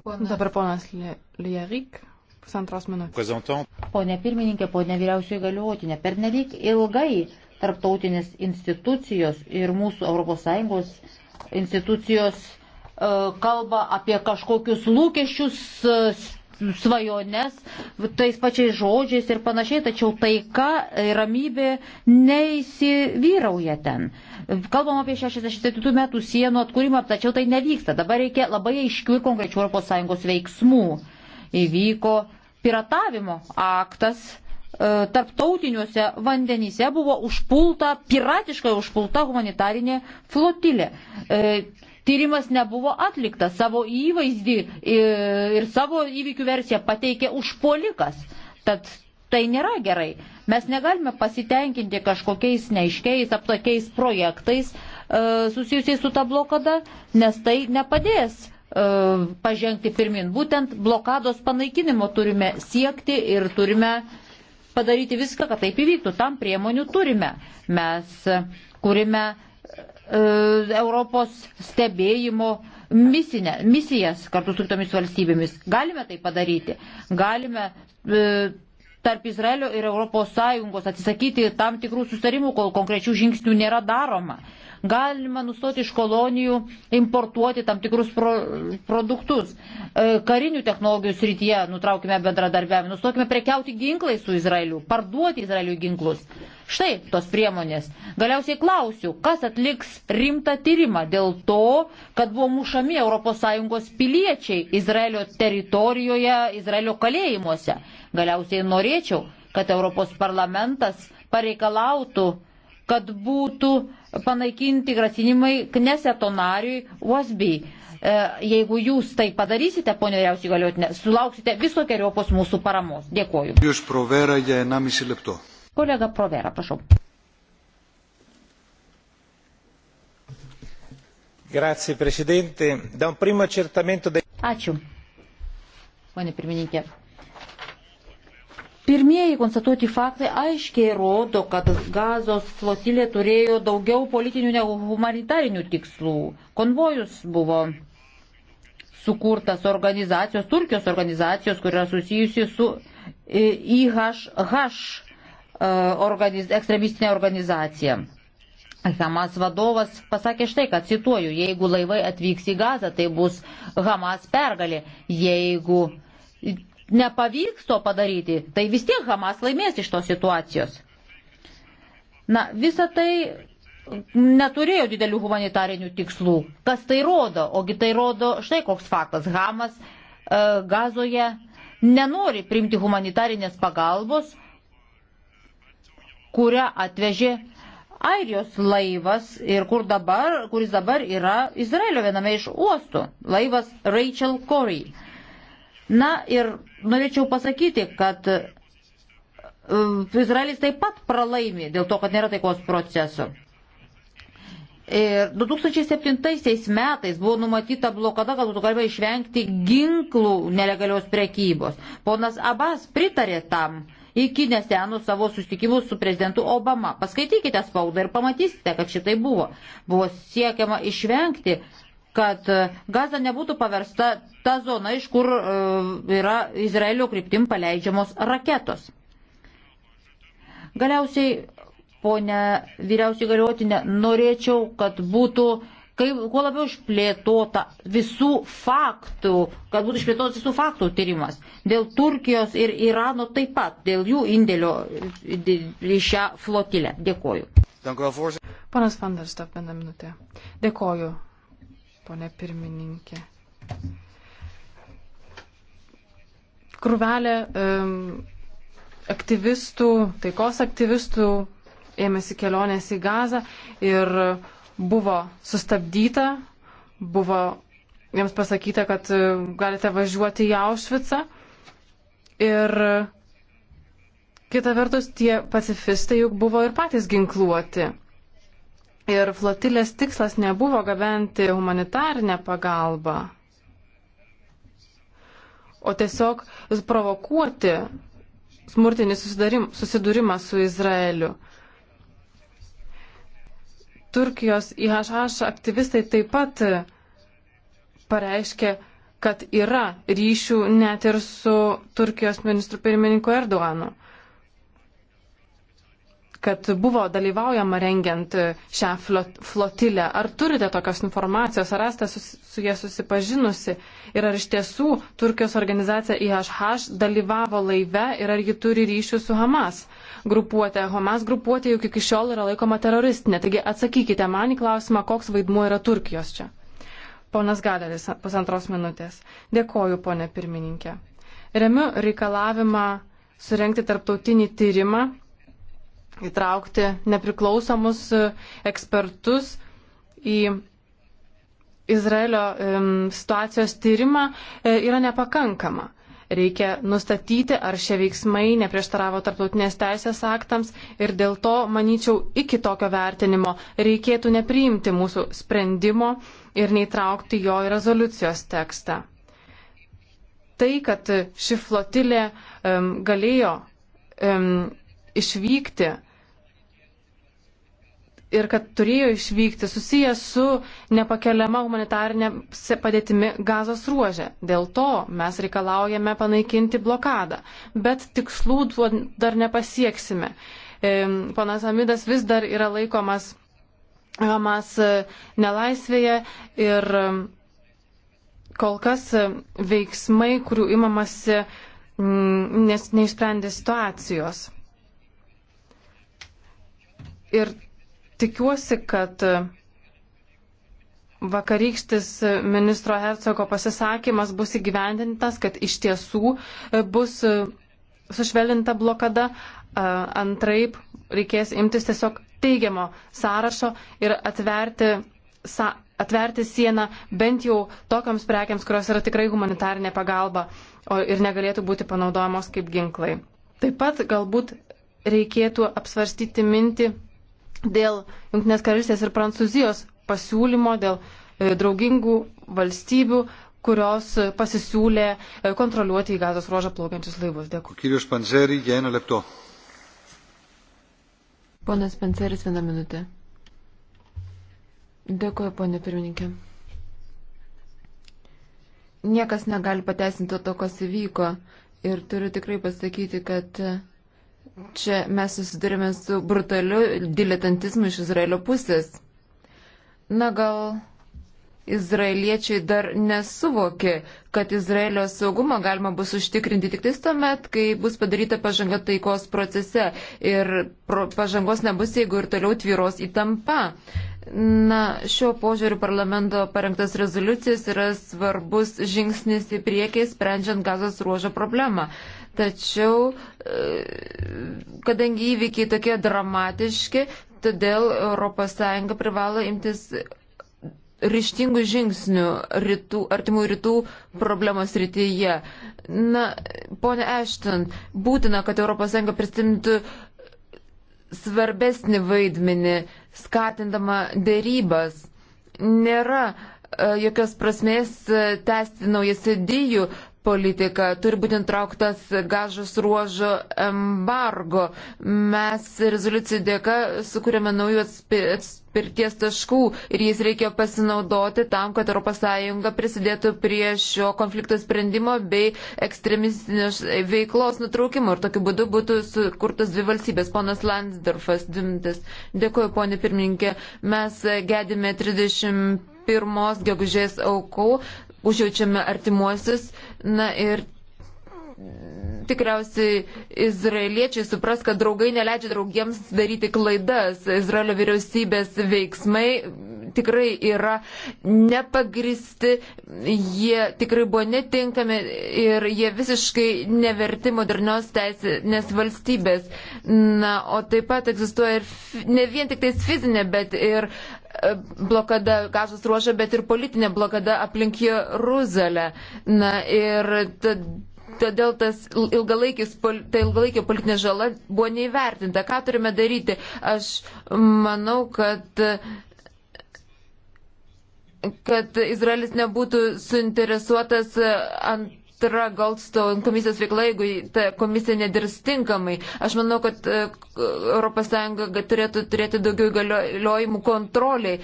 Pona. Dabar ponas Lierik, pusantros minutės. Pone pirmininkė, pone vyriausioji galiuotinė, pernelyg ilgai tarptautinės institucijos ir mūsų ES institucijos E, kalba apie kažkokius lūkesčius, e, svajones, tais pačiais žodžiais ir panašiai, tačiau taika ir ramybė neįsivyrauja ten. Kalbam apie 67 metų sienų atkūrimą, tačiau tai nevyksta. Dabar reikia labai aiškių ir konkrečių ES veiksmų. Įvyko piratavimo aktas e, tarptautiniuose vandenyse buvo užpulta, piratiškai užpulta humanitarinė flotilė. Tyrimas nebuvo atliktas, savo įvaizdį e, ir savo įvykių versiją pateikė užpolikas. Tad tai nėra gerai. Mes negalime pasitenkinti kažkokiais neiškiais, aptakiais projektais e, susijusiais su ta blokada, nes tai nepadės e, pažengti pirmin. Būtent blokados panaikinimo turime siekti ir turime padaryti viską, kad taip įvyktų. Tam priemonių turime. Mes kūrime E, Europos stebėjimo misinę, misijas kartu su kitomis valstybėmis. Galime tai padaryti. Galime e, tarp Izraelio ir ES atsisakyti tam tikrų sustarimų, kol konkrečių žingsnių nėra daroma. Galima nustoti iš kolonijų importuoti tam tikrus pro, produktus. E, karinių technologijų srityje nutraukime bendradarbiavimą, nustokime prekiauti ginklais su Izraeliu, parduoti Izraeliu ginklus. E, Štai tos priemonės. Galiausiai klausiu, kas atliks rimtą tyrimą dėl to, kad buvo mušami ES piliečiai Izraelio teritorijoje, Izraelio kalėjimuose. Galiausiai norėčiau, kad Europos parlamentas pareikalautų kad būtų panaikinti grasinimai Kneseto nariui Wasby. E, jeigu jūs tai padarysite, ponio vyriausiai galiotinė, sulauksite visokeriopos mūsų paramos. Dėkoju. Jūs provera, jei 1,5 lepto. Kolega Provera, prašau. Grazie, Presidente. Da un primo accertamento dei... Ačiū, ponė pirmininkė. Pirmieji konstatuoti faktai aiškiai rodo, kad gazos flotilė turėjo daugiau politinių negu humanitarinių tikslų. Konvojus buvo sukurtas organizacijos, Turkijos organizacijos, kur yra susijusi su e, IHH E, organiz, ekstremistinė organizacija. Hamas vadovas pasakė štai, kad cituoju, jeigu laivai atvyks į Gazą, tai bus Hamas pergalė. Jeigu nepavyks to padaryti, tai vis tiek Hamas laimės iš tos situacijos. Na, visa tai neturėjo didelių humanitarinių tikslų. Kas tai rodo? Ogi tai rodo štai koks faktas. Hamas e, Gazoje nenori primti humanitarinės pagalbos, kurią atvežė Airijos laivas ir kur dabar, kuris dabar yra Izraelio viename iš uostų. Laivas Rachel Corey. Na ir norėčiau pasakyti, kad e, Izraelis taip pat pralaimi dėl to, kad nėra taikos procesų. Ir 2007 metais buvo numatyta blokada, kad būtų galima išvengti ginklų nelegalios prekybos. Ponas Abas pritarė tam iki nesenų savo susitikimų su prezidentu Obama. Paskaitykite spaudą ir pamatysite, kad šitai buvo. Buvo siekiama išvengti kad e, Gaza nebūtų paversta ta zona, iš kur e, yra Izraelio kryptim paleidžiamos raketos. Galiausiai, ponia vyriausiai galiotinė, norėčiau, kad būtų uh, kaip, kuo labiau išplėtota visų faktų, kad būtų išplėtotas visų faktų tyrimas. Dėl Turkijos ir Irano taip pat, dėl jų indėlio į šią flotilę. Dėkoju. Panas Vanderstop, vieną minutę. Dėkoju, ponė pirmininkė. Krūvelė um, aktyvistų, taikos aktyvistų ėmėsi kelionės į Gazą ir uh, buvo sustabdyta, buvo jiems pasakyta, kad e, galite važiuoti į Aušvicą. Ir kita vertus, tie pacifistai juk buvo ir patys ginkluoti. Ir flotilės tikslas nebuvo gabenti humanitarinę pagalbą, o tiesiog provokuoti smurtinį susidūrimą su Izraeliu. Turkijos IHH aktyvistai taip pat pareiškė, kad yra ryšių net ir su Turkijos ministru pirmininku Erdoanu, kad buvo dalyvaujama rengiant šią flotilę. Ar turite tokios informacijos, ar esate su, su jie susipažinusi ir ar iš tiesų Turkijos organizacija IHH dalyvavo laive ir ar ji turi ryšių su Hamas? grupuotė. Hamas grupuotė juk iki šiol yra laikoma teroristinė. Taigi atsakykite man į klausimą, koks vaidmuo yra Turkijos čia. Ponas Galeris, pusantros minutės. Dėkoju, ponė pirmininkė. Remiu reikalavimą surenkti tarptautinį tyrimą, įtraukti nepriklausomus e, ekspertus į Izraelio situacijos tyrimą e, yra nepakankama. Reikia nustatyti, ar šie veiksmai neprieštaravo tarptautinės teisės aktams ir dėl to, manyčiau, iki tokio vertinimo reikėtų nepriimti mūsų sprendimo ir neįtraukti jo į rezoliucijos tekstą. Tai, kad ši flotilė um, galėjo um, išvykti ir kad turėjo išvykti susijęs su nepakeliama humanitarinė padėtimi gazos ruožė. Dėl to mes reikalaujame panaikinti blokadą, bet tikslų tuo dar nepasieksime. Panas Amidas vis dar yra laikomas Hamas e, nelaisvėje ir kol kas e, veiksmai, kurių imamasi, mm, nes neišsprendė situacijos. Ir Tikiuosi, kad vakarykštis ministro Hercogo pasisakymas bus įgyvendintas, kad iš tiesų bus sušvelinta blokada, antraip reikės imtis tiesiog teigiamo sąrašo ir atverti, sa, atverti sieną bent jau tokiams prekiams, kurios yra tikrai humanitarinė pagalba o, ir negalėtų būti panaudojamos kaip ginklai. Taip pat galbūt reikėtų apsvarstyti mintį dėl Junktinės karalystės ir Prancūzijos pasiūlymo, dėl e, draugingų valstybių, kurios e, pasisiūlė e, kontroliuoti į gazos ruožą plaukiančius laivus. Dėkui. Kyrius Panzerį, Jena Lepto. Ponas Panzeris, vieną minutę. Dėkuoju, ponė pirmininkė. Niekas negali pateisinti to, kas įvyko. Ir turiu tikrai pasakyti, kad Čia mes susidurime su brutaliu diletantizmu iš Izraelio pusės. Na gal izraeliečiai dar nesuvokė, kad Izraelio saugumą galima bus užtikrinti tik tais tuomet, kai bus padaryta pažanga taikos procese ir pro, pažangos nebus, jeigu ir toliau tvyros įtampa. Na, šiuo požiūriu parlamento parengtas rezoliucijas yra svarbus žingsnis į priekį, sprendžiant gazos ruožo problemą. Tačiau, e, kadangi įvykiai tokie dramatiški, todėl ES privalo imtis ryštingų žingsnių rytų, artimų rytų problemos rytyje. Na, ponė Ešton, būtina, kad ES prisimtų svarbesnį vaidmenį, skatindama dėrybas. Nėra e, jokios prasmės e, tęsti naujas idėjų politika, turi būti trauktas gažos ruožo embargo. Mes rezoliucijų dėka sukūrėme naujų atspirties taškų ir jais reikia pasinaudoti tam, kad ES prisidėtų prie šio konflikto sprendimo bei ekstremistinės veiklos nutraukimo. Ir tokiu būdu būtų sukurtas dvi valstybės. Ponas Landsdorfas, dimtis. Dėkuoju, ponė pirmininkė. Mes gedime 30 pirmos gegužės aukų užjaučiame artimuosius. Na ir tikriausiai izraeliečiai supras, kad draugai neleidžia draugiems daryti klaidas. Izraelio vyriausybės veiksmai tikrai yra nepagristi, jie tikrai buvo netinkami ir jie visiškai neverti modernios teisinės valstybės. Na, o taip pat egzistuoja ir ne vien tik tais fizinė, bet ir e, blokada gazos ruožą, bet ir politinė blokada aplink Jeruzalę. Na ir tad todėl tas ilgalaikis, ta ilgalaikio politinė žala buvo neįvertinta. Ką turime daryti? Aš manau, kad kad Izraelis nebūtų suinteresuotas ant yra Goldstone komisijos veikla, jeigu ta komisija nedirs tinkamai. Aš manau, kad ES turėtų turėti daugiau įgaliojimų kontroliai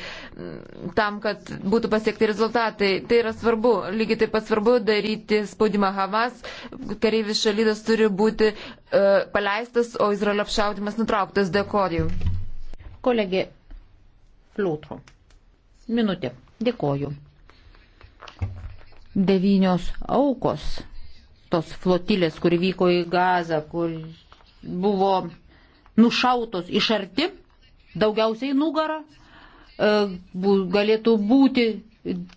tam, kad būtų pasiekti rezultatai. Tai yra svarbu. Lygiai taip pat svarbu daryti spaudimą Hamas. Kareivis šalydas turi būti uh, paleistas, o Izraelio apšaudimas nutrauktas. Dėkoju. Kolegė Fliūtro. Minutė. Dėkoju devynios aukos tos flotilės, kuri vyko į Gazą, kur buvo nušautos iš arti, daugiausiai nugarą, e, galėtų būti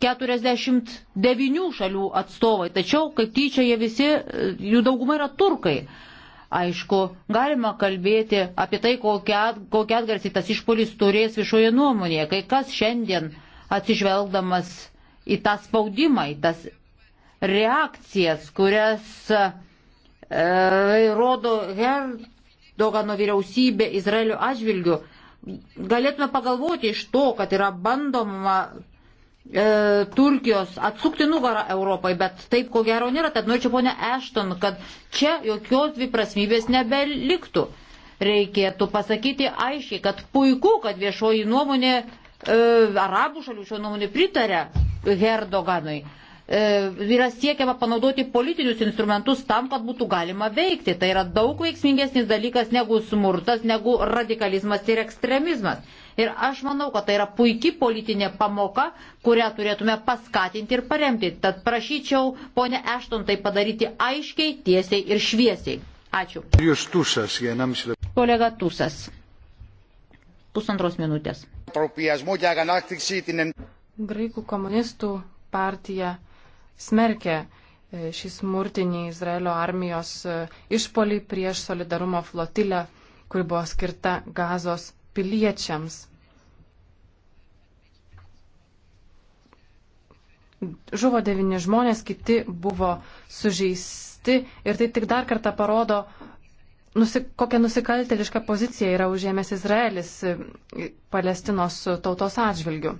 49 šalių atstovai, tačiau kaip tyčia jie visi, e, jų dauguma yra turkai. Aišku, galima kalbėti apie tai, kokią atgarsį tas išpolis turės viešoje nuomonėje. Kai kas šiandien atsižvelgdamas į tą spaudimą, į tas reakcijas, kurias e, rodo Herdogano vyriausybė Izraelio atžvilgių. Galėtume pagalvoti iš to, kad yra bandoma e, Turkijos atsukti nugarą Europai, bet taip ko gero nėra. Tad norėčiau, nu, ponia Ešton, kad čia jokios dviprasmybės nebeliktų. Reikėtų pasakyti aiškiai, kad puiku, kad viešoji nuomonė e, arabų šalių šio nuomonė pritarė Herdoganui. E, yra siekiama panaudoti politinius instrumentus tam, kad būtų galima veikti. Tai yra daug veiksmingesnis dalykas negu smurtas, negu radikalizmas ir ekstremizmas. Ir aš manau, kad tai yra puikia politinė pamoka, kurią turėtume paskatinti ir paremti. Tad prašyčiau, ponė Ešton, tai padaryti aiškiai, tiesiai ir šviesiai. Ačiū. Kolega Tusas. Pusantros minutės. Graikų komunistų partija smerkė e, šį smurtinį Izraelio armijos e, išpolį prieš solidarumo flotilę, kuri buvo skirta gazos piliečiams. Žuvo devyni žmonės, kiti buvo sužeisti ir tai tik dar kartą parodo, nusik, kokią nusikaltelišką poziciją yra užėmęs Izraelis e, Palestinos tautos atžvilgių.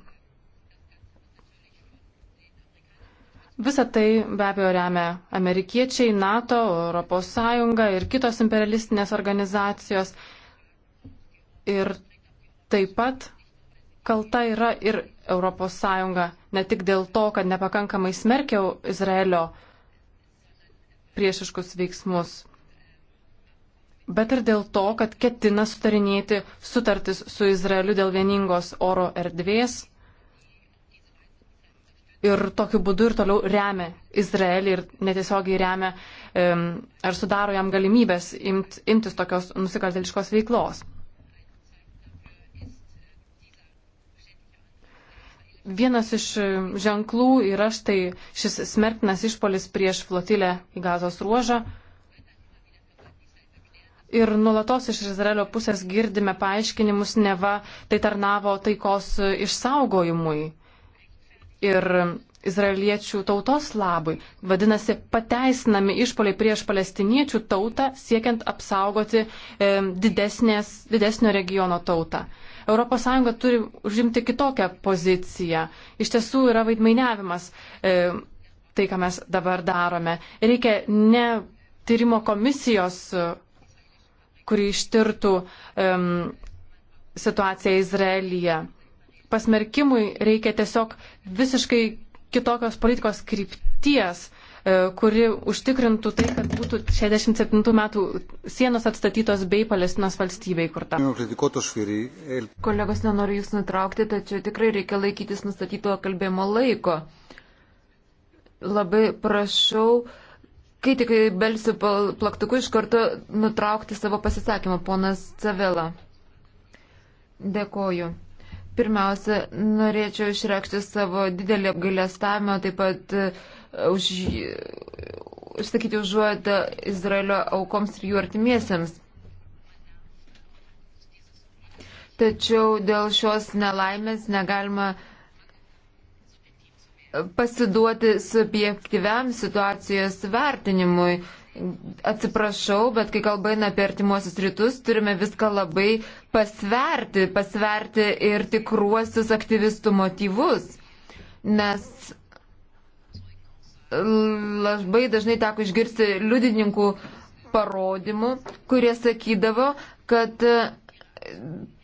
Visą tai be abejo remia amerikiečiai, NATO, ES ir kitos imperialistinės organizacijos. Ir taip pat kalta yra ir ES, ne tik dėl to, kad nepakankamai smerkiau Izraelio priešiškus veiksmus, bet ir dėl to, kad ketina sudarinėti sutartis su Izraeliu dėl vieningos oro erdvės ir tokiu būdu ir toliau remia Izraelį ir netiesiogiai remia um, ar sudaro jam galimybės imt, imtis tokios nusikalteliškos veiklos. Vienas iš ženklų yra štai šis smertinas išpolis prieš flotilę į gazos ruožą. Ir nulatos iš Izraelio pusės girdime paaiškinimus, neva tai tarnavo taikos išsaugojimui ir izraeliečių tautos labui. Vadinasi, pateisinami išpoliai prieš palestiniečių tautą, siekiant apsaugoti e, didesnės, didesnio regiono tautą. ES turi užimti kitokią poziciją. Iš tiesų yra vaidmainiavimas e, tai, ką mes dabar darome. Reikia ne tyrimo komisijos, kuri ištirtų e, situaciją Izraelyje pasmerkimui reikia tiesiog visiškai kitokios politikos krypties, e, kuri užtikrintų tai, kad būtų 67 metų sienos atstatytos bei Palestinos valstybė įkurta. Kolegos, nenoriu Jūs nutraukti, tačiau tikrai reikia laikytis nustatyto kalbėjimo laiko. Labai prašau, kai tik belsiu plaktuku, iš karto nutraukti savo pasisakymą, ponas Cavela. Dėkoju. Pirmiausia, norėčiau išreikšti savo didelį apgailestavimą, taip pat e, už, išsakyti užuotą Izraelio aukoms ir jų artimiesiems. Tačiau dėl šios nelaimės negalima pasiduoti subjektyviam situacijos vertinimui. Atsiprašau, bet kai kalba eina apie artimuosius rytus, turime viską labai pasverti, pasverti ir tikruosius aktyvistų motyvus, nes labai dažnai teko išgirsti liudininkų parodymų, kurie sakydavo, kad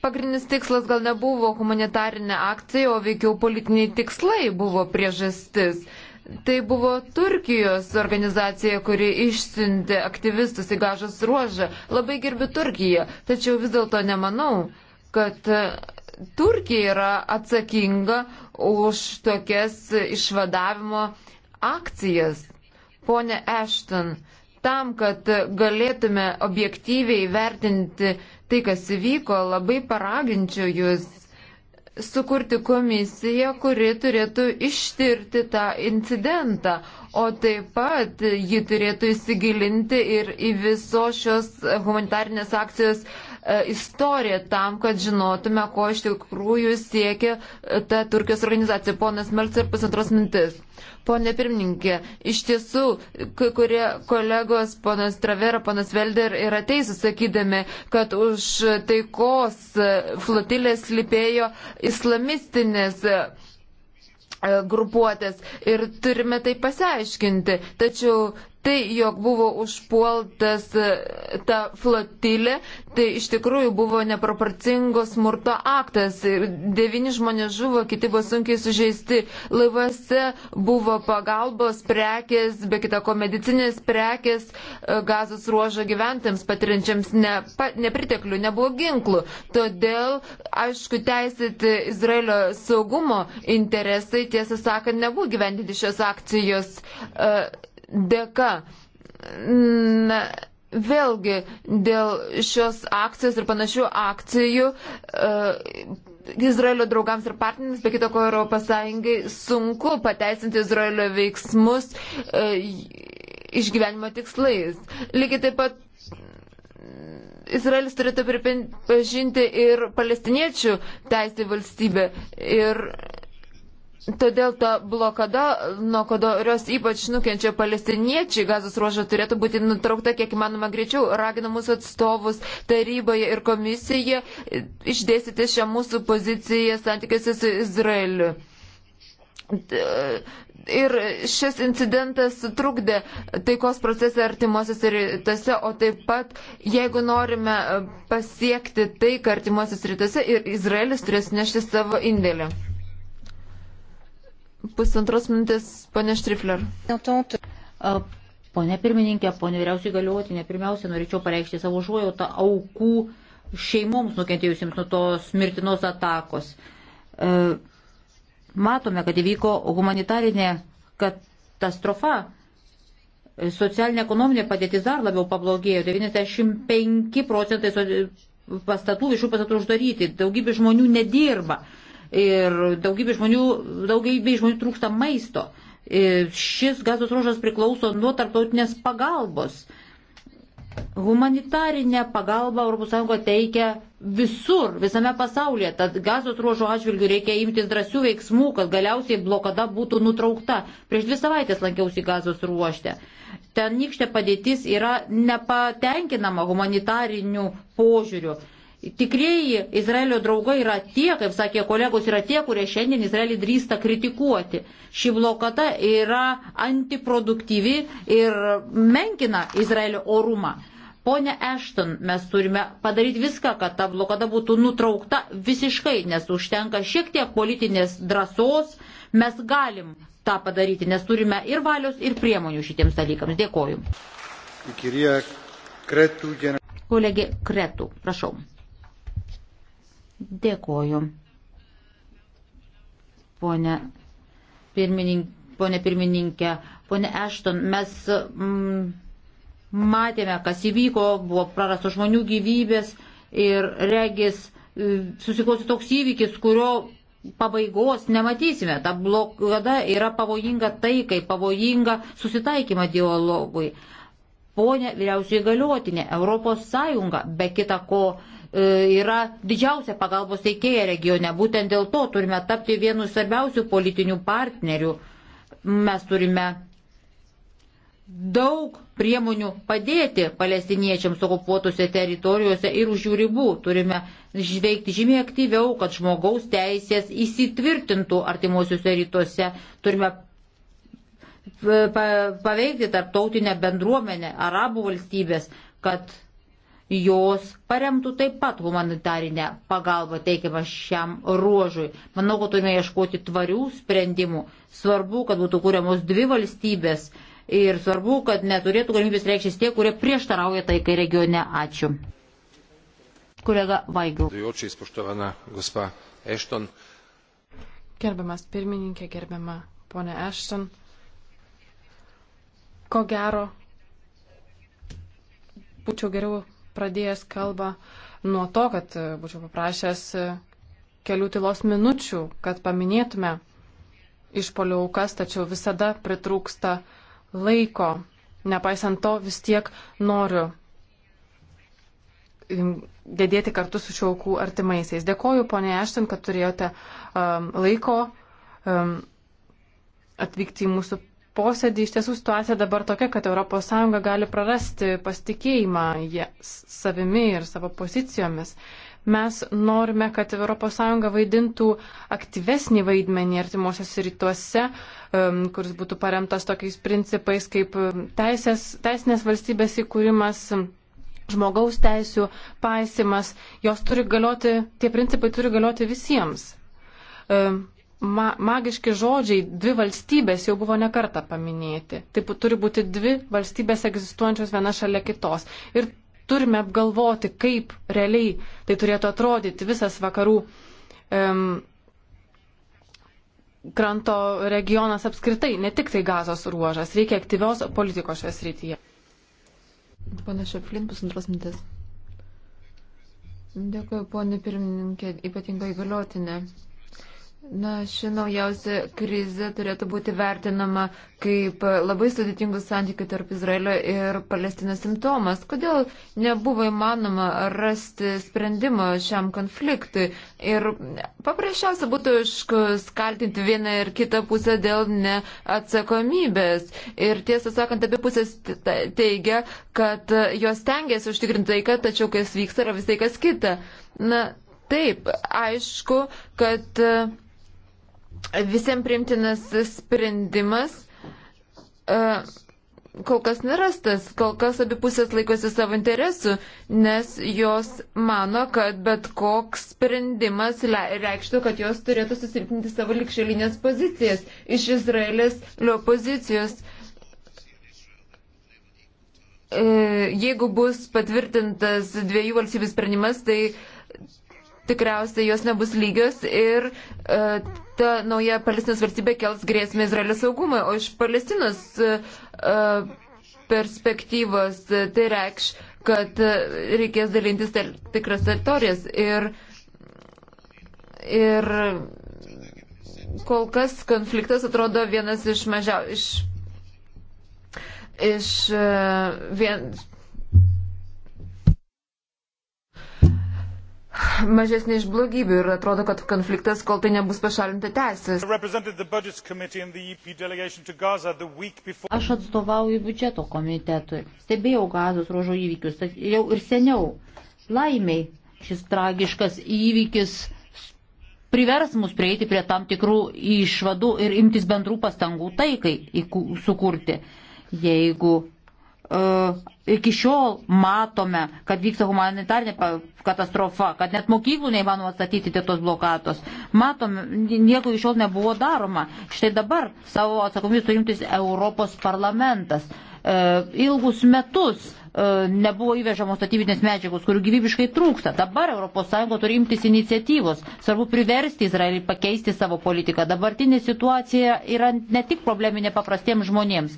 pagrindinis tikslas gal nebuvo humanitarinė akcija, o veikiau politiniai tikslai buvo priežastis. Tai buvo Turkijos organizacija, kuri išsiuntė aktyvistus į gažos ruožą. Labai gerbiu Turkiją, tačiau vis dėlto nemanau, kad e, Turkija yra atsakinga už tokias išvadavimo akcijas. Pone Ashton, tam, kad galėtume objektyviai vertinti tai, kas įvyko, labai paraginčiau jūs sukurti komisiją, kuri turėtų ištirti tą incidentą, o taip pat ji turėtų įsigilinti ir į visos šios humanitarnės akcijos uh, E, istoriją tam, kad žinotume, ko iš tikrųjų siekia e, ta Turkijos organizacija. Ponas Melcer, pusantros mintis. Pone pirmininkė, iš tiesų, kai kurie kolegos, ponas Travera, ponas Velder, yra teisūs, sakydami, kad už taikos e, flotilės slipėjo islamistinės grupuotės ir turime tai pasiaiškinti. Tačiau tai, jog buvo užpuoltas e, ta flotilė, tai iš tikrųjų buvo neproporcingos smurto aktas. Devini žmonės žuvo, kiti buvo sunkiai sužeisti. Laivuose buvo pagalbos prekės, be kita ko medicinės prekės e, gazos ruožo gyventams patiriančiams ne, pa, nepriteklių, nebuvo ginklų. Todėl, aišku, teisėti Izraelio saugumo interesai, tiesą sakant, nebuvo gyvendinti šios akcijos. Uh, dėka. Na, Vėlgi, dėl šios akcijos ir panašių akcijų uh, Izraelio draugams ir partneriams, be kito ko Europos Sąjungai, sunku pateisinti Izraelio veiksmus e, išgyvenimo tikslais. Lygiai taip pat Izraelis turėtų pripažinti ir palestiniečių teisę valstybę. Ir Todėl ta blokada, nuo kurios ypač nukenčia palestiniečiai gazos ruožą, turėtų būti nutraukta kiek įmanoma greičiau. Ragina mūsų atstovus taryboje ir komisijoje išdėstyti šią mūsų poziciją santykiuose su Izraeliu. Ir šis incidentas trukdė taikos procesą artimuosiuose rytuose, o taip pat, jeigu norime pasiekti taiką artimuosiuose rytuose, ir Izraelis turės nešti savo indėlį. Pusantros minutės, ponė Štrifler. Pone pirmininkė, ponė vyriausiai galiuotinė, pirmiausia, norėčiau pareikšti savo užuojautą aukų šeimoms nukentėjusiems nuo tos mirtinos atakos. Matome, kad įvyko humanitarinė katastrofa. Socialinė ekonominė padėtis dar labiau pablogėjo. 95 procentai pastatų, viešų pastatų uždaryti, daugybė žmonių nedirba ir daugybė žmonių, daugybė žmonių trūksta maisto. Ir šis gazos ruožas priklauso nuo tarptautinės pagalbos. Humanitarinė pagalba ES teikia visur, visame pasaulyje. Tad gazos ruožo atžvilgių reikia imtis drąsių veiksmų, kad galiausiai blokada būtų nutraukta. Prieš dvi savaitės lankiausi gazos ruošte. Tenykštė padėtis yra nepatenkinama humanitariniu požiūriu. Tikrieji Izraelio draugai yra tie, kaip sakė kolegos, yra tie, kurie šiandien Izraelį drįsta kritikuoti. Ši blokada yra antiproduktyvi ir menkina Izraelio orumą. Pone Ešton, mes turime padaryti viską, kad ta blokada būtų nutraukta visiškai, nes užtenka šiek tiek politinės drąsos, mes galim tą padaryti, nes turime ir valios, ir priemonių šitiems dalykams. Dėkoju. Kolegė Kretų, prašau. Dėkoju. Pone, pirminink, pone pirmininkė, pone Ešton, mes mm, matėme, kas įvyko, buvo prarastos žmonių gyvybės ir regis e, susiklosi toks įvykis, kurio pabaigos nematysime. Ta blokada yra pavojinga tai, kai pavojinga susitaikymą dialogui. Pone vyriausiai galiotinė, ES be kita ko E, yra didžiausia pagalbos teikėja regione. Būtent dėl to turime tapti vienu svarbiausių politinių partnerių. Mes turime daug priemonių padėti palestiniečiams okupuotose teritorijose ir už jų ribų. Turime veikti žymiai aktyviau, kad žmogaus teisės įsitvirtintų artimuosiuose rytuose. Turime paveikti tarptautinę bendruomenę, arabų valstybės, kad jos paremtų taip pat humanitarinę pagalbą teikiamą šiam ruožui. Manau, kad turime ieškoti tvarių sprendimų. Svarbu, kad būtų kūriamos dvi valstybės ir svarbu, kad neturėtų galimybės reikštis tie, kurie prieštarauja taikai regione. Ačiū. Kolega Vaigl. Gerbiamas pirmininkė, gerbiama ponė Ešton. Ko gero, būčiau geriau pradėjęs kalbą nuo to, kad e, būčiau paprašęs e, kelių tylos minučių, kad paminėtume išpolių aukas, tačiau visada pritrūksta laiko. Nepaisant to, vis tiek noriu dėdėti kartu su šių aukų artimaisiais. Dėkoju, ponė Ešten, kad turėjote um, laiko um, atvykti į mūsų posėdį. Iš tiesų situacija dabar tokia, kad ES gali prarasti pasitikėjimą savimi ir savo pozicijomis. Mes norime, kad ES vaidintų aktyvesnį vaidmenį artimuosiuose rytuose, kuris būtų paremtas tokiais principais kaip teisės, teisinės valstybės įkūrimas žmogaus teisų paisimas, jos turi galioti, tie principai turi galioti visiems ma magiški žodžiai dvi valstybės jau buvo nekarta paminėti. Taip turi būti dvi valstybės egzistuojančios viena šalia kitos. Ir turime apgalvoti, kaip realiai tai turėtų atrodyti visas vakarų um, kranto regionas apskritai, ne tik tai gazos ruožas. Reikia aktyvios politikos šioje srityje. Pana Šeflin, pusantros mintis. Dėkuoju, ponė pirmininkė, ypatingai galiotinė. Na, ši naujausia krizė turėtų būti vertinama kaip labai sudėtingų santykių tarp Izraelio ir Palestinos simptomas. Kodėl nebuvo įmanoma rasti sprendimo šiam konfliktui? Ir paprasčiausia būtų skaltinti vieną ir kitą pusę dėl neatsakomybės. Ir tiesą sakant, abi pusės teigia, kad jos tengiasi užtikrinti taiką, tačiau kas vyksta yra visai kas kita. Na, taip, aišku, kad visiems primtinas sprendimas e, kol kas nerastas, kol kas abipusės laikosi savo interesų, nes jos mano, kad bet koks sprendimas reikštų, kad jos turėtų susilpninti savo likščiolinės pozicijas iš Izraelės opozicijos. E, jeigu bus patvirtintas dviejų valstybių sprendimas, tai uh, tikriausiai jos nebus lygios ir e, ta nauja Palestinos valstybė kels grėsmę Izraelio saugumui. O iš Palestinos e, e perspektyvos e, tai reikš, kad e, reikės dalintis ter, tikras teritorijas. Ir, ir kol kas konfliktas atrodo vienas iš mažiausių. Iš, iš vien, mažesnė iš blogybių ir atrodo, kad konfliktas, kol tai nebus pašalinta, tęsis. E Aš atstovauju biudžeto komitetui, stebėjau gazos ruožo įvykius jau ir seniau. Laimiai šis tragiškas įvykis privers mus prieiti prie tam tikrų išvadų ir imtis bendrų pastangų taikai sukurti. Jeigu E, iki šiol matome, kad vyksta humanitarinė katastrofa, kad net mokyklų neįmanoma atstatyti dėl tos blokatos. Matome, nieko iki šiol nebuvo daroma. Štai dabar savo atsakomybės turimtis Europos parlamentas. E, ilgus metus e, nebuvo įvežamos statybinės medžiagos, kurių gyvybiškai trūksta. Dabar ES turi imtis iniciatyvos. Svarbu priversti Izraelį pakeisti savo politiką. Dabartinė situacija yra ne tik probleminė paprastiems žmonėms.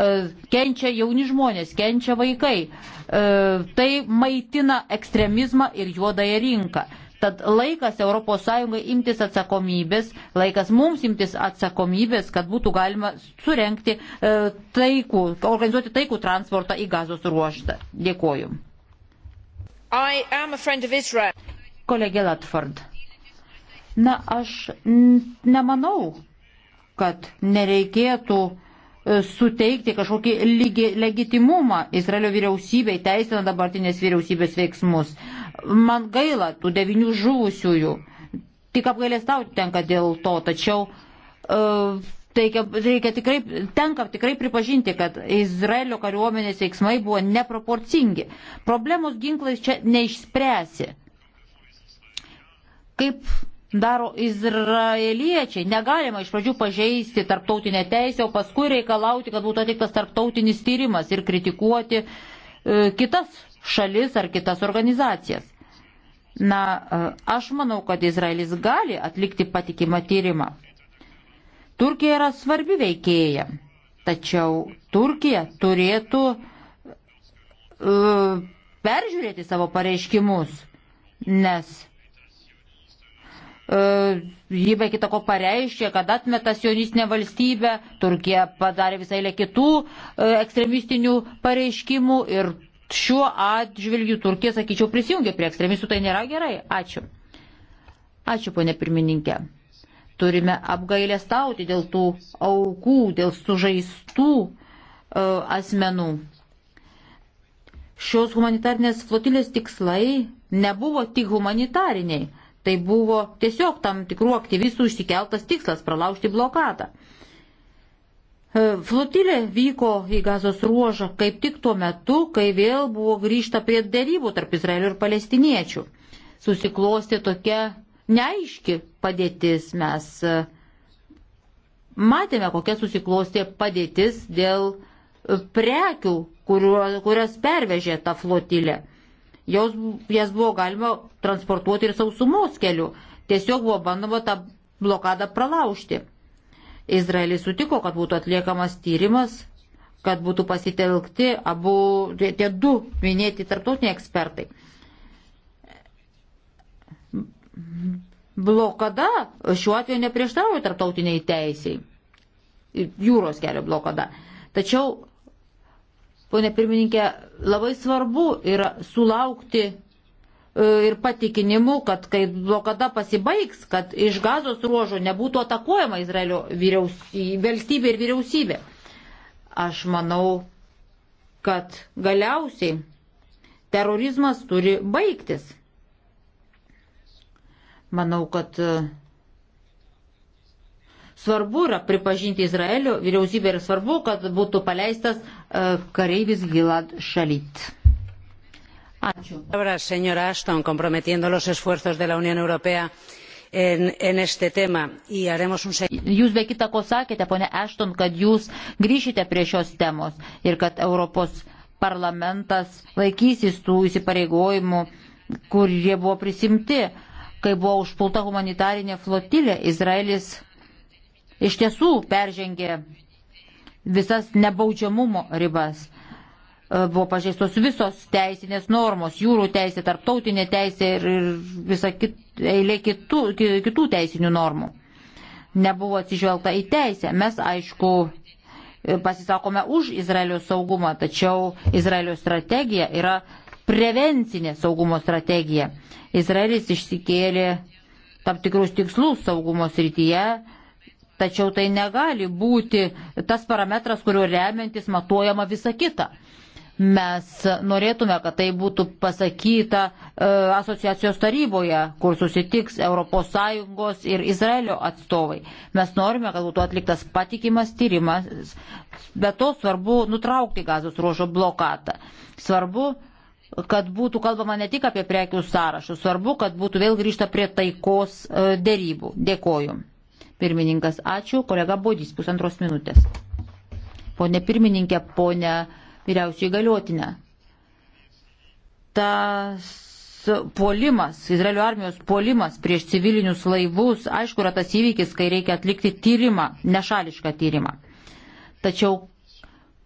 E, kenčia jauni žmonės, kenčia vaikai. E, tai maitina ekstremizmą ir juodąją rinką. Tad laikas ES imtis atsakomybės, laikas mums imtis atsakomybės, kad būtų galima surenkti e, taikų, organizuoti taikų transportą į gazos ruoštą. Dėkoju. Kolegė Latford. Na, aš nemanau, kad nereikėtų uh, E, suteikti kažkokį lygi, legitimumą Izraelio vyriausybei, teisina dabartinės vyriausybės veiksmus. Man gaila tų devinių žuvusiųjų, tik apgailestauti tenka dėl to, tačiau uh, teikia, reikia tikrai, tenka tikrai pripažinti, kad Izraelio kariuomenės veiksmai buvo neproporcingi. Problemos ginklais čia neišspręsi. Kaip daro izraeliečiai. Negalima iš pradžių pažeisti tarptautinę teisę, o paskui reikalauti, kad būtų atliktas tarptautinis tyrimas ir kritikuoti e, kitas šalis ar kitas organizacijas. Na, e, aš manau, kad Izraelis gali atlikti patikimą tyrimą. Turkija yra svarbi veikėja, tačiau Turkija turėtų e, peržiūrėti savo pareiškimus, nes E, jį be kitako pareiškė, kad atmeta sionistinę valstybę, Turkija padarė visai lė kitų e, ekstremistinių pareiškimų ir šiuo atžvilgiu Turkija, sakyčiau, prisijungia prie ekstremistų, tai nėra gerai. Ačiū. Ačiū, ponė pirmininkė. Turime apgailę stauti dėl tų aukų, dėl sužaistų uh, asmenų. Šios humanitarnės flotilės tikslai nebuvo tik humanitariniai Tai buvo tiesiog tam tikrų aktyvistų išsikeltas tikslas pralaužti blokadą. E, flotilė vyko į gazos ruožą kaip tik tuo metu, kai vėl buvo grįžta prie dėrybų tarp Izraelio ir palestiniečių. Susiklosti tokia neaiški padėtis. Mes e, matėme, kokia susiklosti padėtis dėl e, prekių, kuriuos pervežė ta flotilė jos, jas buvo galima transportuoti ir sausumos keliu. Tiesiog buvo bandoma tą blokadą pralaužti. Izraelis sutiko, kad būtų atliekamas tyrimas, kad būtų pasitelkti abu tie du minėti tarptautiniai ekspertai. Blokada šiuo atveju neprieštarauja tarptautiniai teisiai. Jūros kelio blokada. Tačiau Pone pirmininkė, labai svarbu yra sulaukti e, ir patikinimu, kad kai blokada pasibaigs, kad iš gazos ruožo nebūtų atakuojama Izraelio valstybė ir vyriausybė. Aš manau, kad galiausiai terorizmas turi baigtis. Manau, kad e, Svarbu yra pripažinti Izraelio vyriausybę ir svarbu, kad būtų paleistas uh, kareivis Gilad Šalit. Ačiū. En, en este tema y haremos un Jūs be kita ko sakėte, ponė Ashton, kad jūs grįšite prie šios temos ir kad Europos parlamentas laikysis tų įsipareigojimų, kurie buvo prisimti, kai buvo užpulta humanitarinė flotilė. Izraelis iš tiesų peržengė visas nebaudžiamumo ribas. E, buvo pažeistos visos teisinės normos, jūrų teisė, tarptautinė teisė ir, ir visa kit, eilė kitų, kitų teisinių normų. Nebuvo atsižvelgta į teisę. Mes, aišku, e, pasisakome už Izraelio saugumą, tačiau Izraelio strategija yra prevencinė saugumo strategija. Izraelis išsikėlė tam tikrus tikslus saugumo srityje, tačiau tai negali būti tas parametras, kuriuo remiantis matuojama visa kita. Mes norėtume, kad tai būtų pasakyta e, asociacijos taryboje, kur susitiks ES ir Izraelio atstovai. Mes norime, kad būtų atliktas patikimas tyrimas, bet to svarbu nutraukti gazos ruožo blokadą. Svarbu kad būtų kalbama ne tik apie prekių sąrašus, svarbu, kad būtų vėl grįžta prie taikos e, dėrybų. Dėkoju. Pirmininkas, ačiū. Kolega Bodys, pusantros minutės. Pone pirmininkė, pone vyriausiai galiotinė. Tas puolimas, Izraelio armijos puolimas prieš civilinius laivus, aišku, yra tas įvykis, kai reikia atlikti tyrimą, nešališką tyrimą. Tačiau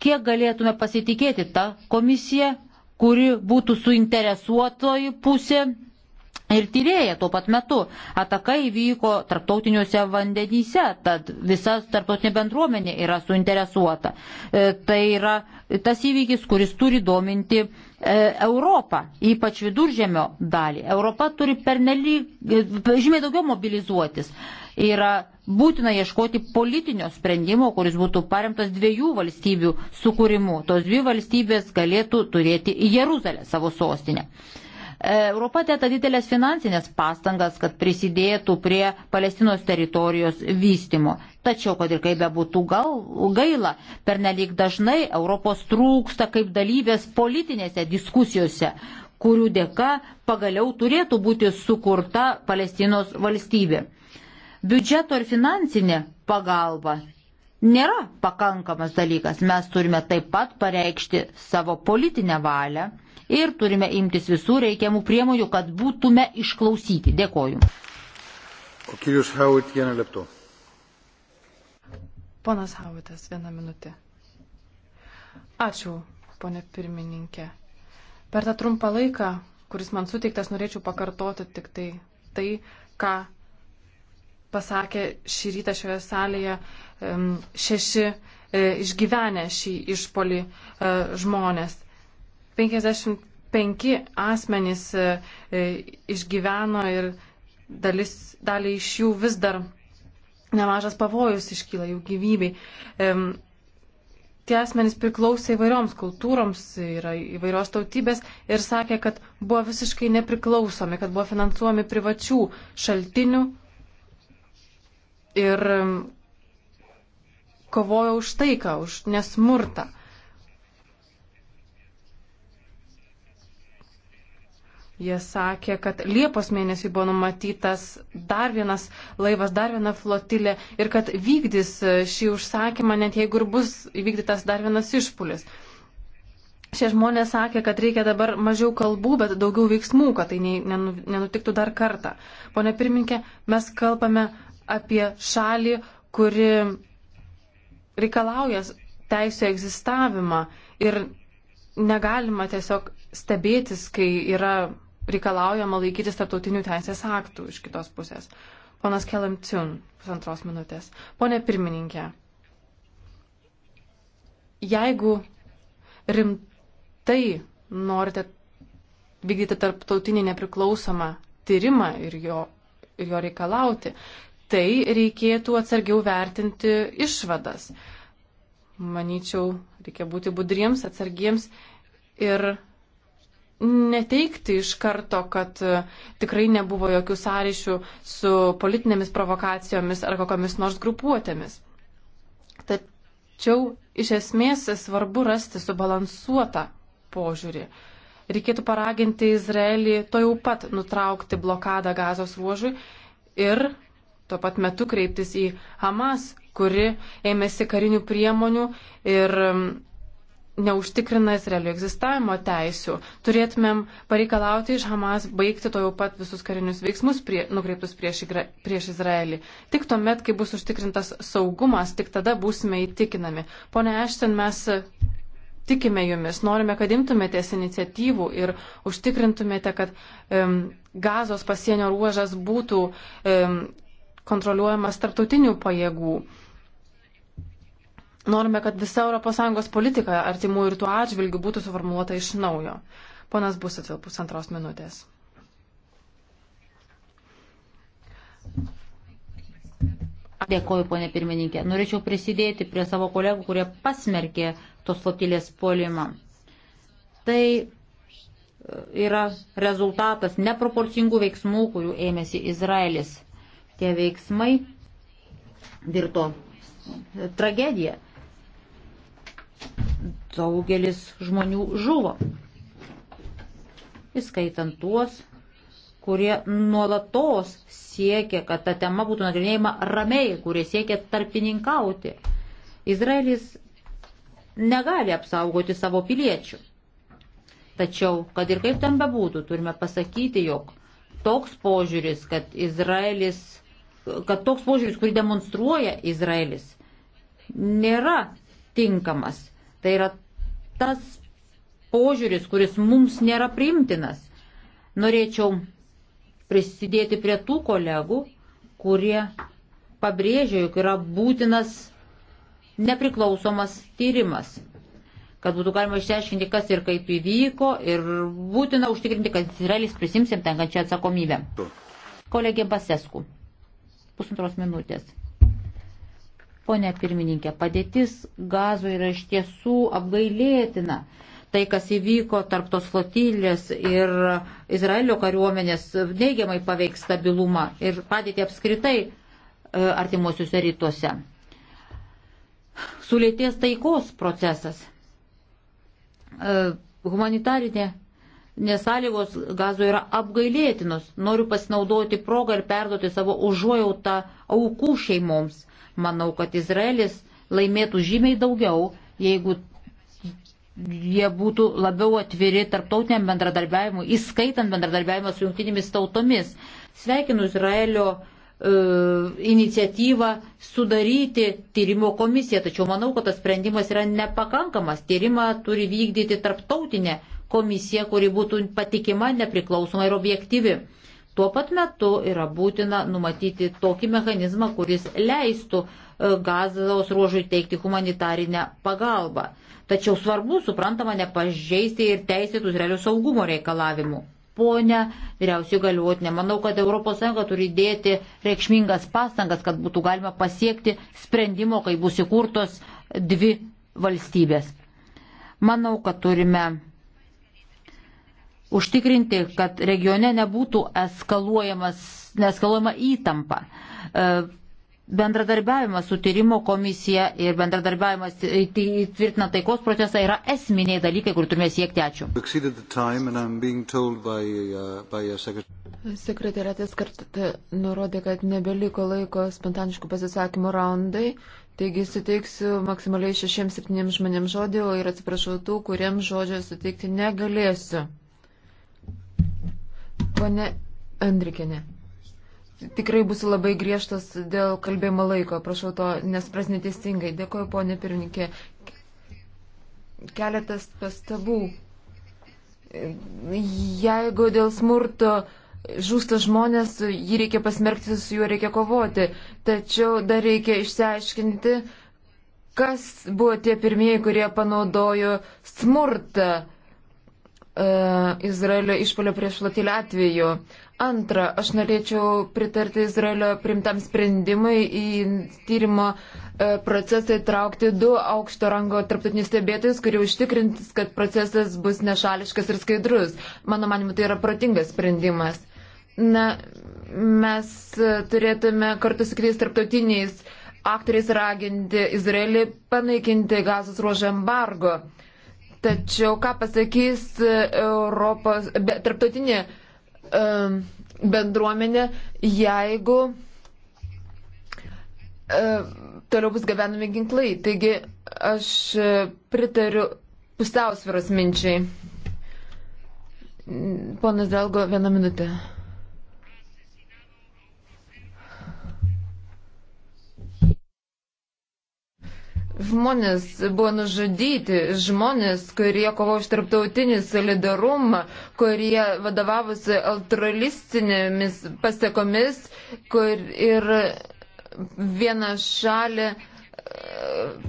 kiek galėtume pasitikėti tą komisiją, kuri būtų suinteresuotoji pusė ir tyrėja tuo pat metu. Ataka įvyko tarptautiniuose vandenyse, tad visa tarptautinė bendruomenė yra suinteresuota. E, tai yra tas įvykis, kuris turi dominti e, Europą, ypač viduržėmio dalį. Europa turi pernelyg, e, žymiai daugiau mobilizuotis. Yra būtina ieškoti politinio sprendimo, kuris būtų paremtas dviejų valstybių sukūrimu. Tos dvi valstybės galėtų turėti Jeruzalę savo sostinę. E, Europa deda didelės finansinės pastangas, kad prisidėtų prie Palestinos teritorijos vystimo. Tačiau, kad ir kaip bebūtų gaila, pernelyg dažnai Europos trūksta kaip dalyvės politinėse diskusijose, kurių dėka pagaliau turėtų būti sukurta Palestinos valstybė. Biudžeto ir finansinė pagalba nėra pakankamas dalykas. Mes turime taip pat pareikšti savo politinę valią ir turime imtis visų reikiamų priemonių, kad būtume išklausyti. Dėkoju. Howitt, Ponas Hauitas, vieną minutę. Ačiū, ponė pirmininkė. Per tą trumpą laiką, kuris man suteiktas, norėčiau pakartoti tik tai tai, ką pasakė šį rytą šioje salėje šeši e, išgyvenę šį išpolį e, žmonės. 55 asmenys e, e, išgyveno ir dalis, dalį iš jų vis dar nemažas pavojus iškyla jų gyvybei. Tie asmenys priklausė įvairioms kultūroms, yra įvairios tautybės ir sakė, kad buvo visiškai nepriklausomi, kad buvo finansuomi privačių šaltinių ir kovojo už taiką, už nesmurtą. Jie sakė, kad Liepos mėnesį buvo numatytas dar vienas laivas, dar viena flotilė ir kad vykdys e, šį užsakymą, net jeigu ir bus įvykdytas dar vienas išpulis. Šie žmonės sakė, kad reikia dabar mažiau kalbų, bet daugiau veiksmų, kad tai nenutiktų dar kartą. Pone pirminkė, mes kalbame apie šalį, kuri reikalauja teisų egzistavimą ir negalima tiesiog stebėtis, kai yra reikalaujama laikytis tarptautinių teisės aktų iš kitos pusės. Ponas Kelam Tsun, pusantros minutės. Pone pirmininkė, jeigu rimtai norite vykdyti tarptautinį nepriklausomą tyrimą ir jo, ir jo reikalauti, tai reikėtų atsargiau vertinti išvadas. Manyčiau, reikia būti budriems, atsargiems ir neteikti iš karto, kad e, tikrai nebuvo jokių sąryšių su politinėmis provokacijomis ar kokiamis nors grupuotėmis. Tačiau iš esmės svarbu rasti subalansuotą požiūrį. Reikėtų paraginti Izraelį to jau pat nutraukti blokadą gazos ruožui ir tuo pat metu kreiptis į Hamas, kuri ėmėsi karinių priemonių ir neužtikrina Izraelio egzistavimo teisių. Turėtumėm pareikalauti iš Hamas baigti to jau pat visus karinius veiksmus prie, nukreiptus prieš, prieš Izraelį. Tik tuomet, kai bus užtikrintas saugumas, tik tada būsime įtikinami. Pone Ešten, mes tikime jumis, norime, kad imtumėtės iniciatyvų ir užtikrintumėte, kad um, gazos pasienio ruožas būtų um, kontroliuojamas tarptautinių pajėgų. Um, Norime, kad visa ES politika artimų ir tuo atžvilgiu būtų suformuoluota iš naujo. Ponas Busit vėl pusantros minutės. Dėkoju, ponė pirmininkė. Norėčiau prisidėti prie savo kolegų, kurie pasmerkė tos flotilės polimą. Tai e, yra rezultatas neproporcingų veiksmų, kurių ėmėsi Izraelis. Tie veiksmai dirto tragediją daugelis žmonių žuvo, įskaitant tuos, kurie nuolatos siekia, kad ta tema būtų nagrinėjama ramiai, kurie siekia tarpininkauti. Izraelis negali apsaugoti savo piliečių. Tačiau, kad ir kaip ten bebūtų, turime pasakyti, jog toks požiūris, kad Izraelis, kad toks požiūris, kurį demonstruoja Izraelis, nėra tinkamas. Tai yra tas požiūris, kuris mums nėra priimtinas. Norėčiau prisidėti prie tų kolegų, kurie pabrėžia, jog yra būtinas nepriklausomas tyrimas kad būtų galima išsiaiškinti, kas ir kaip įvyko ir būtina užtikrinti, kad Izraelis prisimsim tenkančią atsakomybę. Kolegė Basesku. Pusantros minutės. Pone pirmininkė, padėtis gazo yra iš tiesų apgailėtina. Tai, kas įvyko tarp tos flotilės ir Izraelio kariuomenės, neigiamai paveiks stabilumą ir padėtį apskritai e, artimuosiuose rytuose. Sulėties taikos procesas. E, humanitarinė nesąlygos gazo yra apgailėtinos. Noriu pasinaudoti progą ir perduoti savo užuojautą aukų šeimoms Manau, kad Izraelis laimėtų žymiai daugiau, jeigu jie būtų labiau atviri tarptautiniam bendradarbiavimui, įskaitant bendradarbiavimą su jungtinėmis tautomis. Sveikinu Izraelio e, iniciatyvą sudaryti tyrimo komisiją, tačiau manau, kad tas sprendimas yra nepakankamas. Tyrimą turi vykdyti tarptautinė komisija, kuri būtų patikima, nepriklausoma ir objektyvi. Tuo pat metu yra būtina numatyti tokį mechanizmą, kuris leistų e, gazos ruožui teikti humanitarinę pagalbą. Tačiau svarbu, suprantama, nepažeisti ir teisėtų Izraelio saugumo reikalavimų. Pone vyriausių galiuotinė, manau, kad ES turi dėti reikšmingas pastangas, kad būtų galima pasiekti sprendimo, kai bus įkurtos dvi valstybės. Manau, kad turime užtikrinti, kad regione nebūtų eskaluojama įtampa. E, bendradarbiavimas su tyrimo komisija ir bendradarbiavimas įtvirtinant taikos procesą yra esminiai dalykai, kur turime siekti. Ačiū. Uh, Sekretariatas kartą nurodė, kad nebeliko laiko spontaniškų pasisakymų raundai, taigi suteiksiu maksimaliai šešiems septyniems žmonėms žodį, o ir atsiprašau tų, kuriems žodžio suteikti negalėsiu. Pone Andrikene, tikrai bus labai griežtas dėl kalbėjimo laiko, prašau to nespras neteisingai. Dėkoju, ponė pirmininkė. Keletas pastabų. Jeigu dėl smurto žūsta žmonės, jį reikia pasmerkti, su juo reikia kovoti. Tačiau dar reikia išsiaiškinti, kas buvo tie pirmieji, kurie panaudojo smurtą E, Izraelio išpolio prieš flotilę atveju. Antra, aš norėčiau pritarti Izraelio primtam sprendimui į tyrimo e, procesą įtraukti du aukšto rango tarptautinius stebėtojus, kurie užtikrintis, kad procesas bus nešališkas ir skaidrus. Mano manimu, tai yra protingas sprendimas. Na, mes turėtume kartu su kitais tarptautiniais aktoriais raginti Izraelį panaikinti gazos ruožą embargo. Uh, Tačiau ką pasakys e, Europos, be, tarptautinė um, bendruomenė, jeigu um, toliau bus gabenami ginklai. Taigi aš pritariu pusiausvėros minčiai. Ponas Delgo, vieną minutę. Žmonės buvo nužudyti, žmonės, kurie kovojo už tarptautinį solidarumą, kurie vadovavosi altruistinėmis pasiekomis kur ir vieną šalį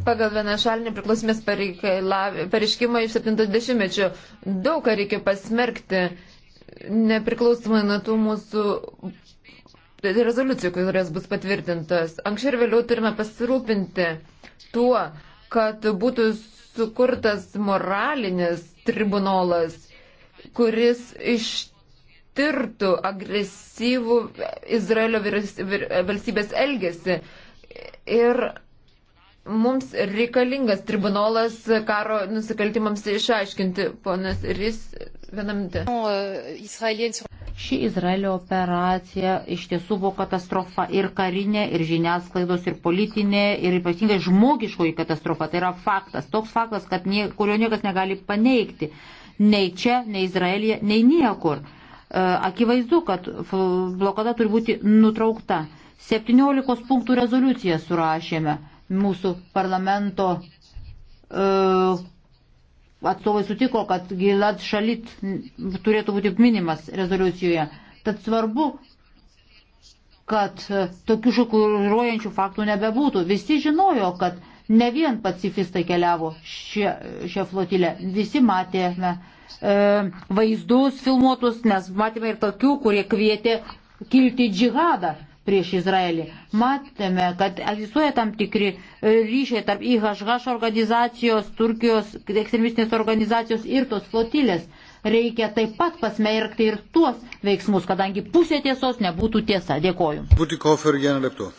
pagal vienašalinį priklausomės pareiškimą iš 70-mečio. Daug ką reikia pasmerkti, nepriklausomai nuo tų mūsų rezoliucijų, kurios bus patvirtintos. Anksčiau ir vėliau turime pasirūpinti tuo, kad būtų sukurtas moralinis tribunolas, kuris ištirtų agresyvų Izraelio valstybės elgesį. Ir mums reikalingas tribunolas karo nusikaltimams išaiškinti, ponas Rys, vieną minutę. Ši Izraelio operacija iš tiesų buvo katastrofa ir karinė, ir žiniasklaidos, ir politinė, ir ypatingai žmogiškoji katastrofa. Tai yra faktas. Toks faktas, kad nie, kurio niekas negali paneigti. Nei čia, nei Izraelija, nei niekur. E, akivaizdu, kad blokada turi būti nutraukta. 17 punktų rezoliuciją surašėme mūsų parlamento uh, atstovai sutiko, kad Gilad Šalit turėtų būti minimas rezoliucijoje. Tad svarbu, kad tokių šokiruojančių faktų nebebūtų. Visi žinojo, kad ne vien pacifistai keliavo šią flotilę, visi matėme e, vaizdus filmuotus, nes matėme ir tokių, kurie kvietė kilti džihadą prieš Izraelį. Matėme, kad egzistuoja tam tikri e, ryšiai tarp IHH organizacijos, Turkijos ekstremistinės organizacijos ir tos flotilės. Reikia taip pat pasmerkti ir tuos veiksmus, kadangi pusė tiesos nebūtų tiesa. Dėkoju. Butikofer vieną leptų.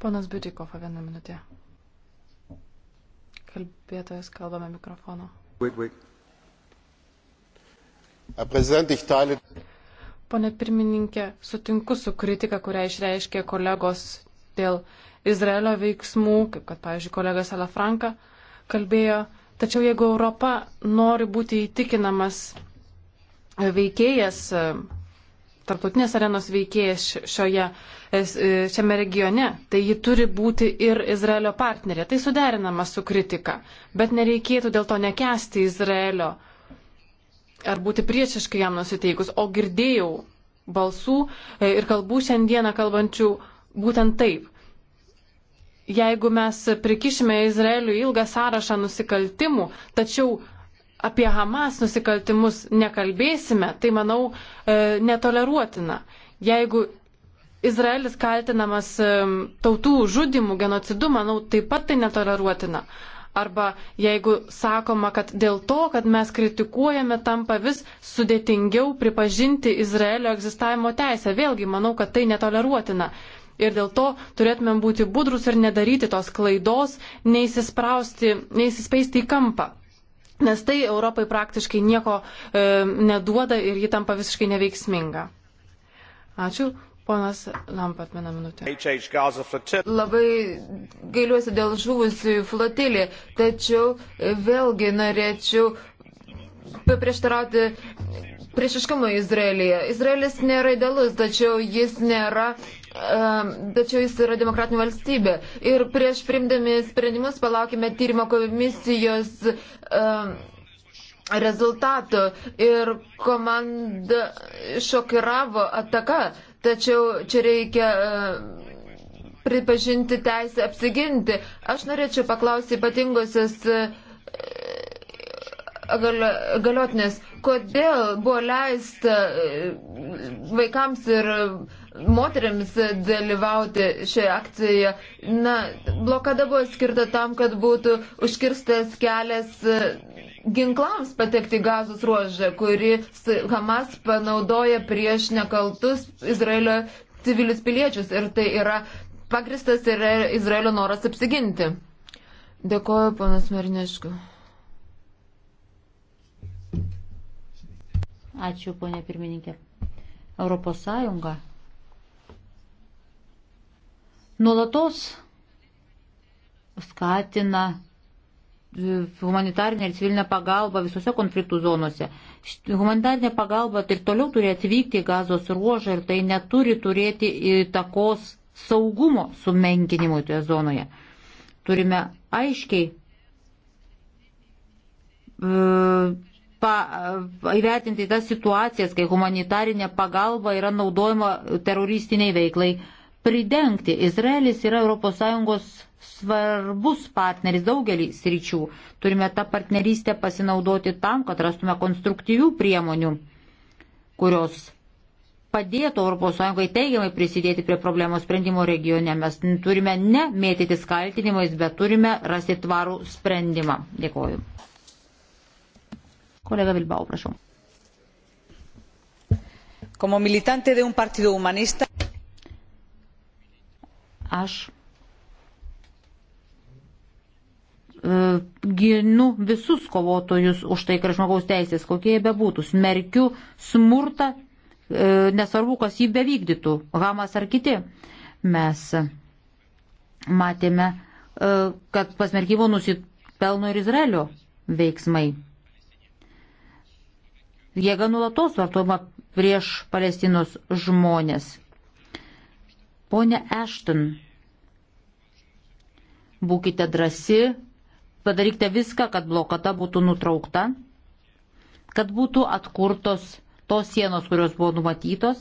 Ponas Butikofer vieną minutę. Kalbėtojas kalbame mikrofono. Wait, wait. Herr Präsident, ich teile. Pone pirmininkė, sutinku su kritika, kurią išreiškė kolegos dėl Izraelio veiksmų, kaip kad, pavyzdžiui, kolega Salafranka kalbėjo. Tačiau jeigu Europa nori būti įtikinamas veikėjas, tarptautinės arenos veikėjas šioje, šiame regione, tai ji turi būti ir Izraelio partnerė. Tai suderinama su kritika, bet nereikėtų dėl to nekesti Izraelio uh, ar būti priešiškai jam nusiteikus, o girdėjau balsų e, ir kalbų šiandieną kalbančių būtent taip. Jeigu mes prikišime Izraeliui ilgą sąrašą nusikaltimų, tačiau apie Hamas nusikaltimus nekalbėsime, tai manau e, netoleruotina. Jeigu Izraelis kaltinamas e, tautų žudimų, genocidu, manau, taip pat tai netoleruotina arba jeigu sakoma, kad dėl to, kad mes kritikuojame, tampa vis sudėtingiau pripažinti Izraelio egzistavimo teisę. Vėlgi, manau, kad tai netoleruotina. Ir dėl to turėtumėm būti budrus ir nedaryti tos klaidos, neįsispeisti į kampą. Nes tai Europai praktiškai nieko e, neduoda ir ji tampa visiškai neveiksminga. Ačiū. Ponas Lampat, vieną minutę. Labai gailiuosi dėl žuvusių flotilį, tačiau vėlgi norėčiau paprieštarauti priešiškumą Izraelyje. Izraelis nėra idealus, tačiau jis nėra. Um, tačiau jis yra demokratinė valstybė. Ir prieš primdami sprendimus palaukime tyrimo komisijos um, rezultatų. Ir komanda šokiravo ataka tačiau čia reikia e, pripažinti teisę apsiginti. Aš norėčiau paklausti ypatingosios e, galiotinės, kodėl buvo leista e, vaikams ir moteriams dalyvauti šioje akcijoje. Na, blokada buvo skirta tam, kad būtų užkirstas kelias ginklams patekti gazos ruožą, kurį Hamas panaudoja prieš nekaltus Izraelio civilius piliečius. Ir tai yra pagristas yra Izraelio noras apsiginti. Dėkoju, panas Mariniškų. Ačiū, ponė pirmininkė. Europos Sąjunga nuolatos skatina humanitarinė ir civilinė pagalba visose konfliktų zonose. Humanitarinė pagalba ir toliau turi atvykti į gazos ruožą ir tai neturi turėti įtakos saugumo sumenkinimui toje zonoje. Turime aiškiai e, pa, įvertinti tas situacijas, kai humanitarinė pagalba yra naudojama teroristiniai veiklai pridengti. Izraelis yra ES svarbus partneris daugelį sričių. Turime tą partnerystę pasinaudoti tam, kad rastume konstruktyvių priemonių, kurios padėtų ES teigiamai prisidėti prie problemos sprendimo regione. Mes turime ne mėtytis kaltinimais, bet turime rasti tvarų sprendimą. Dėkoju. Kolega Vilbau, prašau. Como militante de un partido humanista. Aš E, ginu visus kovotojus už tai, kad žmogaus teisės, kokie jie bebūtų, smerkiu smurtą, e, nesvarbu, kas jį bevykdytų, Hamas ar kiti. Mes matėme, e, kad pasmerkymo nusipelno ir Izraelio veiksmai. Jėga nulatos vartojama prieš Palestinos žmonės. Pone Ešton, būkite drasi, padarykite viską, kad blokada būtų nutraukta, kad būtų atkurtos tos sienos, kurios buvo numatytos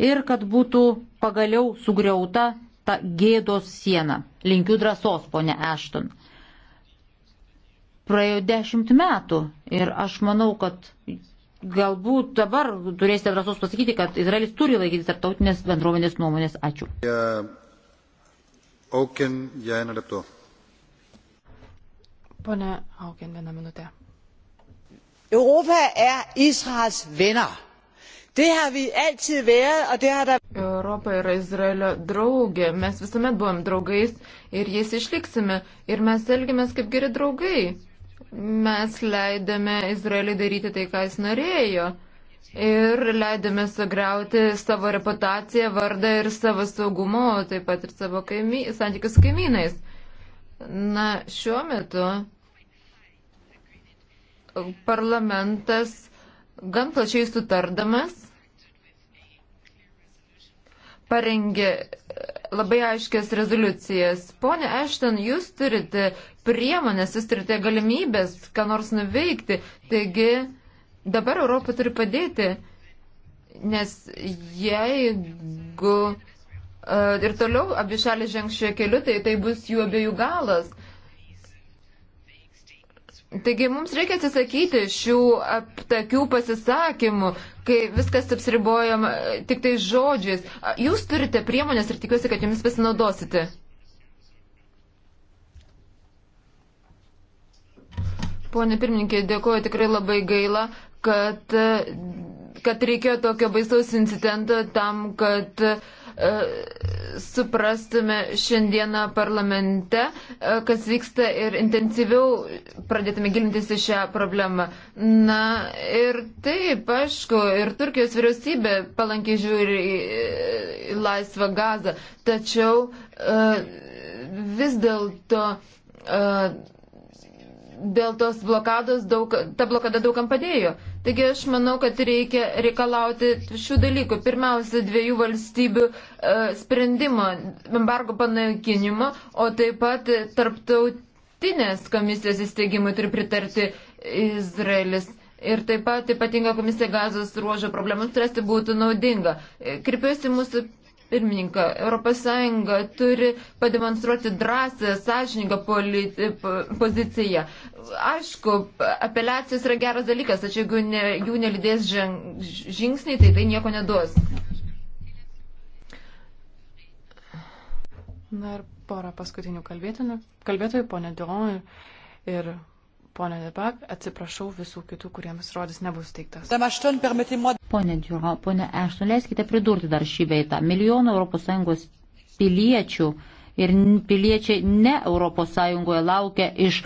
ir kad būtų pagaliau sugriauta ta gėdos siena. Linkiu drąsos, ponė Ešton. Praėjo dešimt metų ir aš manau, kad galbūt dabar turėsite drąsos pasakyti, kad Izraelis turi laikytis tarptautinės bendruomenės nuomonės. Ačiū. Yeah. Auken, για ένα λεπτό. Pone Auken, vieną minutę. Europa er Israels venner. Det har vi altid været, og det har der... Europa yra Izraelio draugė. Mes visuomet buvom draugais ir jais išliksime. Ir mes elgiamės kaip geri draugai. Mes leidėme Izraeliui daryti tai, ką jis norėjo ir leidome sugriauti savo reputaciją, vardą ir savo saugumo, taip pat ir savo kaimy, santykius su kaimynais. Na, šiuo metu parlamentas gan plačiai sutardamas parengė labai aiškias rezoliucijas. Pone Ešten, jūs turite priemonės, jūs turite galimybės, ką nors nuveikti. Taigi, dabar Europa turi padėti, nes jeigu e, ir toliau abi šalis žengs šio keliu, tai tai bus jų abiejų galas. Taigi mums reikia atsisakyti šių aptakių pasisakymų, kai viskas apsiribojama e, tik tai žodžiais. Jūs turite priemonės ir tikiuosi, kad jumis pasinaudosite. Pone pirmininkė, dėkoju tikrai labai gaila, kad, kad reikėjo tokio baisaus incidento tam, kad e, suprastume šiandieną parlamente, e, kas vyksta ir intensyviau pradėtume gilintis į šią problemą. Na ir taip, aišku, ir Turkijos vyriausybė palankiai žiūri į, į laisvą gazą, tačiau e, vis dėlto e, dėl tos blokados daug, ta blokada daugam padėjo. Taigi aš manau, kad reikia reikalauti šių dalykų. Pirmiausia, dviejų valstybių e, sprendimo, embargo panaikinimo, o taip pat tarptautinės komisijos įsteigimui turi pritarti Izraelis. Ir taip pat ypatinga komisija gazos ruožo problemams spręsti būtų naudinga. E, kreipiuosi mūsų pirmininką. ES turi pademonstruoti drąsę, sąžininką poziciją. Aišku, apeliacijos yra geras dalykas, tačiau jeigu ne, jų nelidės žingsniai, tai tai nieko neduos. Na ir porą paskutinių kalbėtojų, kalbėtojų ponė Dion ir, ir Pone Debak, atsiprašau visų kitų, kuriems rodys nebus teiktas. Pone Džiuro, pone Ešton, leiskite pridurti dar šį veitą. Milijonų ES piliečių ir piliečiai ne ES laukia iš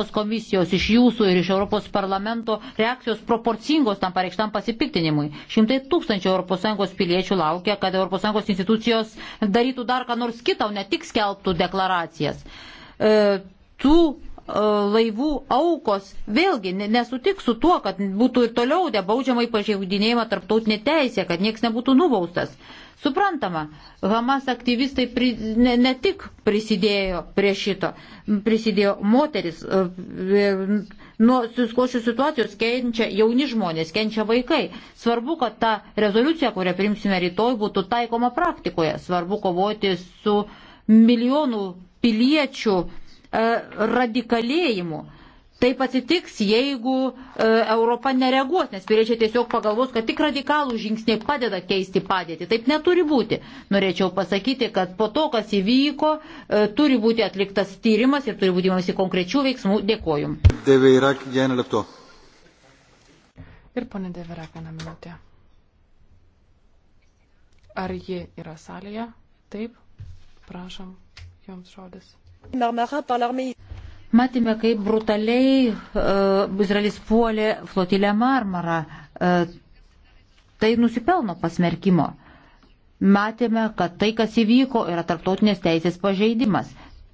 ES komisijos, iš jūsų ir iš ES parlamento reakcijos proporcingos tam pareikštam pasipiktinimui. Šimtai tūkstančių ES piliečių laukia, kad ES institucijos darytų dar ką nors kitą, o ne tik skelbtų deklaracijas. E, tų E, laivų aukos vėlgi nesutiks su tuo, kad būtų ir toliau nebaudžiamai pažeidinėjama tarptautinė teisė, kad niekas nebūtų nubaustas. Suprantama, Hamas aktyvistai pri, ne, ne tik prisidėjo prie šito, prisidėjo moteris, e, e, nuo suskošių situacijos kenčia jauni žmonės, kenčia vaikai. Svarbu, kad ta rezoliucija, kurią primsime rytoj, būtų taikoma praktikoje. Svarbu kovoti su milijonų piliečių E, radikalėjimu. Taip atsitiks, jeigu e, Europa nereaguos, nes piliečiai tiesiog pagalvos, kad tik radikalų žingsniai padeda keisti padėtį. Taip neturi būti. Norėčiau pasakyti, kad po to, kas įvyko, e, turi būti atliktas tyrimas ir turi būti imamasi konkrečių veiksmų. Dėkoju. Ir ponė Deverak, vieną minutę. Ar ji yra salėje? Taip. Prašom, jums žodis. Matėme, kaip brutaliai uh, Izraelis puolė flotilę Marmarą. Uh, tai nusipelno pasmerkimo. Matėme, kad tai, kas įvyko, yra tarptautinės teisės pažeidimas.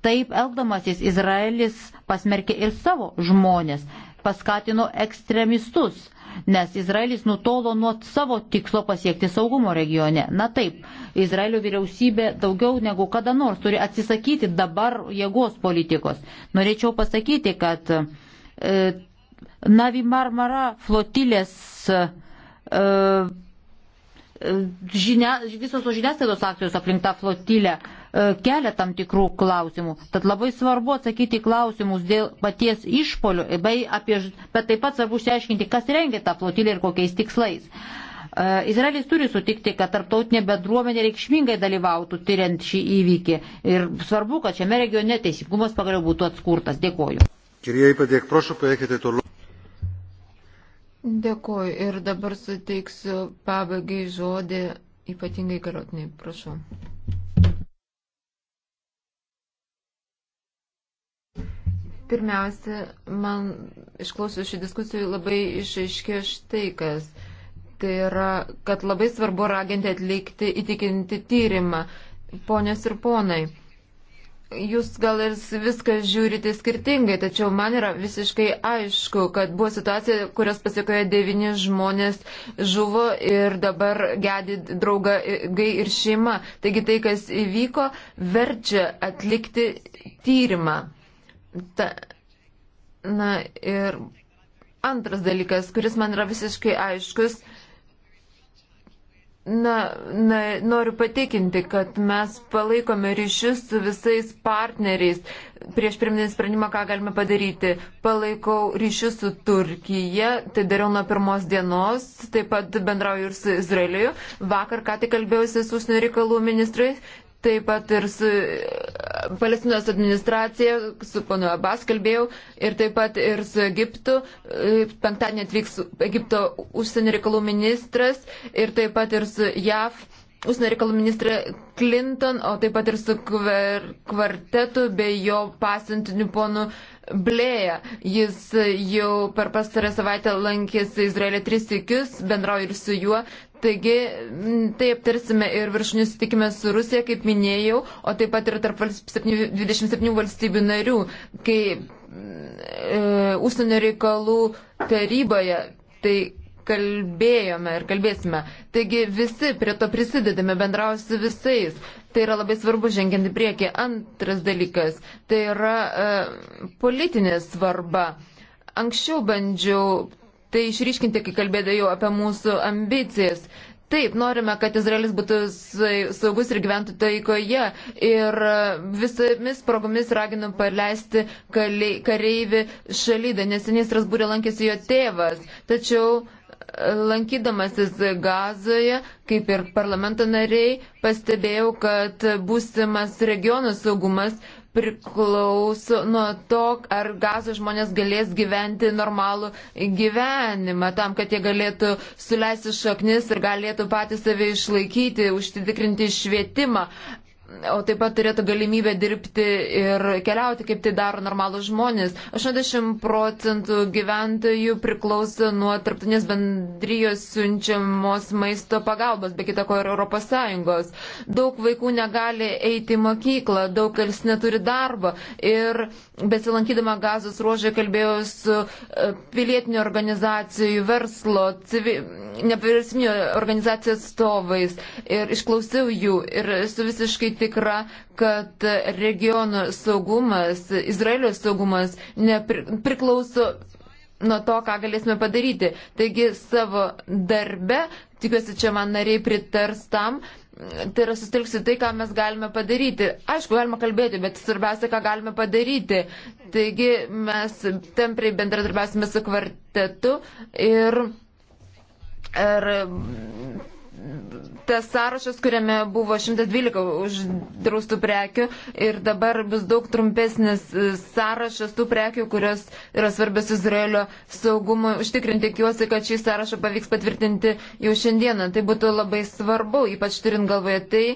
Taip elgdamasis Izraelis pasmerkė ir savo žmonės, paskatino ekstremistus nes Izraelis nutolo nuo savo tikslo pasiekti saugumo regione. Na taip, Izraelio vyriausybė daugiau negu kada nors turi atsisakyti dabar jėgos politikos. Norėčiau pasakyti, kad e, Navi Marmara flotilės e, e žinia, visos žiniasklaidos akcijos aplink tą flotilę E, kelia tam tikrų klausimų. Tad labai svarbu atsakyti klausimus dėl paties išpolio, e, apie, bet taip pat svarbu išsiaiškinti, kas rengia tą flotilę ir kokiais tikslais. E, Izraelis turi sutikti, kad tarptautinė bendruomenė reikšmingai dalyvautų tyriant šį įvykį ir svarbu, kad šiame regione teisingumas pagaliau būtų atskurtas. Dėkoju. Dėkoju ir dabar suteiksiu pabaigai žodį ypatingai galotiniai. Prašau. Pirmiausia, man išklausius šį diskusijų labai išaiškė štai kas. Tai yra, kad labai svarbu raginti atlikti įtikinti tyrimą. Ponios ir ponai, jūs gal ir viską žiūrite skirtingai, tačiau man yra visiškai aišku, kad buvo situacija, kurios pasikoja devyni žmonės žuvo ir dabar gedi draugai ir šeima. Taigi tai, kas įvyko, verčia atlikti tyrimą. Ta, na ir antras dalykas, kuris man yra visiškai aiškus. Na, na, noriu patikinti, kad mes palaikome ryšius su visais partneriais. Prieš pirminį sprendimą, ką galime padaryti, palaikau ryšius su Turkija, tai dariau nuo pirmos dienos, taip pat bendrauju ir su Izraeliu. Vakar ką tik kalbėjausi su užsienio reikalų ministrais taip pat ir su Palestinos administracija, su ponu Abbas kalbėjau ir taip pat ir su Egiptu. E, penktadienį atvyks Egipto užsienio reikalų ministras ir taip pat ir su JAV. Užsienio reikalų ministrė Clinton, o taip pat ir su kver, kvartetu bei jo pasiuntiniu ponu Blėja. Jis jau per pastarę savaitę lankėsi Izraelė tris įkius, bendrauja ir su juo. Taigi tai aptarsime ir viršinius sutikime su Rusija, kaip minėjau, o taip pat ir tarp 27 valstybių narių, kai e, užsienio reikalų taryboje tai kalbėjome ir kalbėsime. Taigi visi prie to prisidedame, bendrausi visais. Tai yra labai svarbu žengiant į priekį. Antras dalykas - tai yra e, politinė svarba. Anksčiau bandžiau tai išryškinti, kai kalbėdėjau apie mūsų ambicijas. Taip, norime, kad Izraelis būtų saugus ir gyventų taikoje. Ir e, visomis progomis raginam paleisti kareivį šalydą. Neseniai Strasbūrė lankėsi jo tėvas. Tačiau e, lankydamasis Gazoje, kaip ir parlamento nariai, pastebėjau, kad būsimas regionų saugumas priklauso nuo to, ar gazos žmonės galės gyventi normalų gyvenimą, tam, kad jie galėtų suleisti šaknis ir galėtų patys save išlaikyti, užtikrinti švietimą. O taip pat turėtų galimybę dirbti ir keliauti, kaip tai daro normalus žmonės. 80 procentų gyventojų priklauso nuo tarptautinės bendrijos siunčiamos maisto pagalbos, be kita ko ir Europos Sąjungos. Daug vaikų negali eiti į mokyklą, daug kalis neturi darbo. Ir besilankydama gazos ruožė kalbėjau su e, pilietinių organizacijų, verslo, civi... nevyriausybinio organizacijos atstovais ir išklausiau jų ir su visiškai tikra, kad regionų saugumas, Izraelio saugumas priklauso nuo to, ką galėsime padaryti. Taigi savo darbe, tikiuosi, čia man nariai pritars tam, tai yra sustilgsi tai, ką mes galime padaryti. Aišku, galima kalbėti, bet svarbiausia, ką galime padaryti. Taigi mes tempriai bendradarbiausime su kvartetu ir, ir tas sąrašas, kuriame buvo 112 uždraustų prekių ir dabar bus daug trumpesnis e, sąrašas tų prekių, kurios yra svarbios Izraelio saugumui. Užtikrinti tikiuosi, kad šį sąrašą pavyks patvirtinti jau šiandieną. Tai būtų labai svarbu, ypač turint galvoje tai,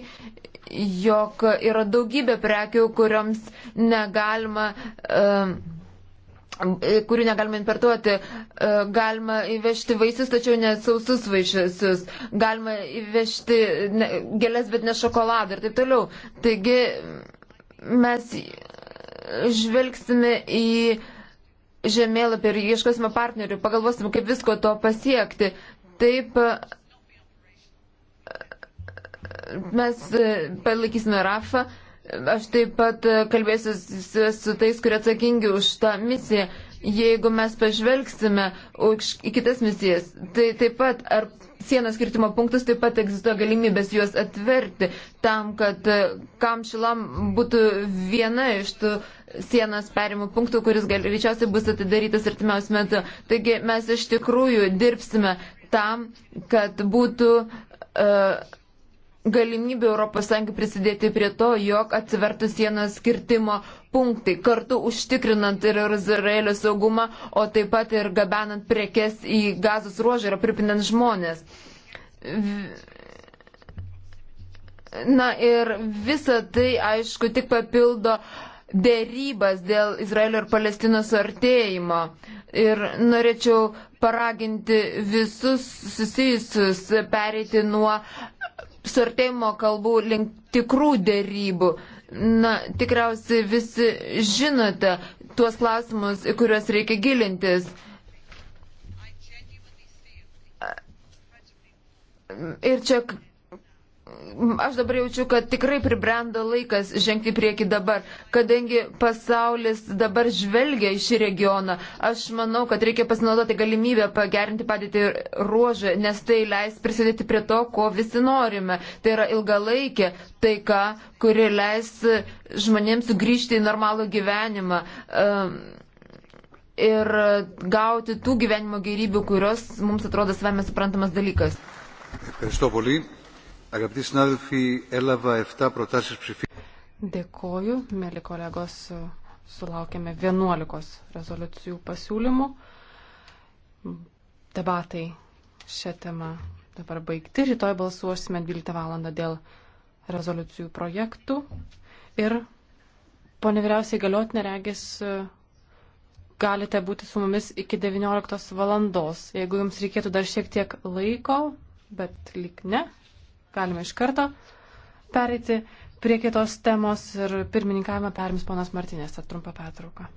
jog yra daugybė prekių, kurioms negalima. Uh, um, E, kurių negalima importuoti. E, galima įvežti vaisius, tačiau ne sausus vaisius. Galima įvežti gėlės, bet ne šokoladą ir taip toliau. Taigi mes žvelgsime į žemėlapį ir ieškosime partnerių, pagalvosime, kaip visko to pasiekti. Taip e, mes palaikysime Rafą Aš taip pat e, kalbėsiu su tais, kurie atsakingi už tą misiją. Jeigu mes pažvelgsime į kitas misijas, tai taip pat ar sienos skirtimo punktus taip pat egzistuoja galimybės juos atverti tam, kad e, kam šilam būtų viena iš tų sienos perimų punktų, kuris greičiausiai bus atidarytas artimiausiu metu. Taigi mes iš tikrųjų dirbsime tam, kad būtų. Uh, galimybių ES prisidėti prie to, jog atsivertų sienos skirtimo punktai, kartu užtikrinant ir Izraelio saugumą, o taip pat ir gabenant prekes į gazos ruožą ir apripinant žmonės. Na ir visa tai, aišku, tik papildo dėrybas dėl Izraelio ir Palestinos artėjimo. Ir norėčiau paraginti visus susijusius pereiti nuo suartėjimo kalbų link tikrų dėrybų. Na, tikriausiai visi žinote tuos klausimus, į kuriuos reikia gilintis. Ir čia Aš dabar jaučiu, kad tikrai pribrendo laikas žengti prieki dabar, kadangi pasaulis dabar žvelgia į šį regioną. Aš manau, kad reikia pasinaudoti galimybę pagerinti padėtį ruožą, nes tai leis prisidėti prie to, ko visi norime. Tai yra ilgalaikė taika, kuri leis žmonėms sugrįžti į normalų gyvenimą. Um, ir gauti tų gyvenimo gerybių, kurios mums atrodo savame suprantamas dalykas. Ευχαριστώ πολύ. Αγαπητοί συνάδελφοι, έλαβα 7 προτάσεις ψηφίσματος. Dėkoju, mėly kolegos, sulaukėme 11 rezoliucijų pasiūlymų. Debatai šią temą dabar baigti. Rytoj balsuosime 12 val. dėl rezoliucijų projektų. Ir, ponė vyriausiai galiotinė, regis, galite būti su mumis iki 19 val. Jeigu jums reikėtų dar šiek tiek laiko, bet lik ne, galime iš karto pereiti prie kitos temos ir pirmininkavimą perims ponas Martinės, tad trumpa pertrauka.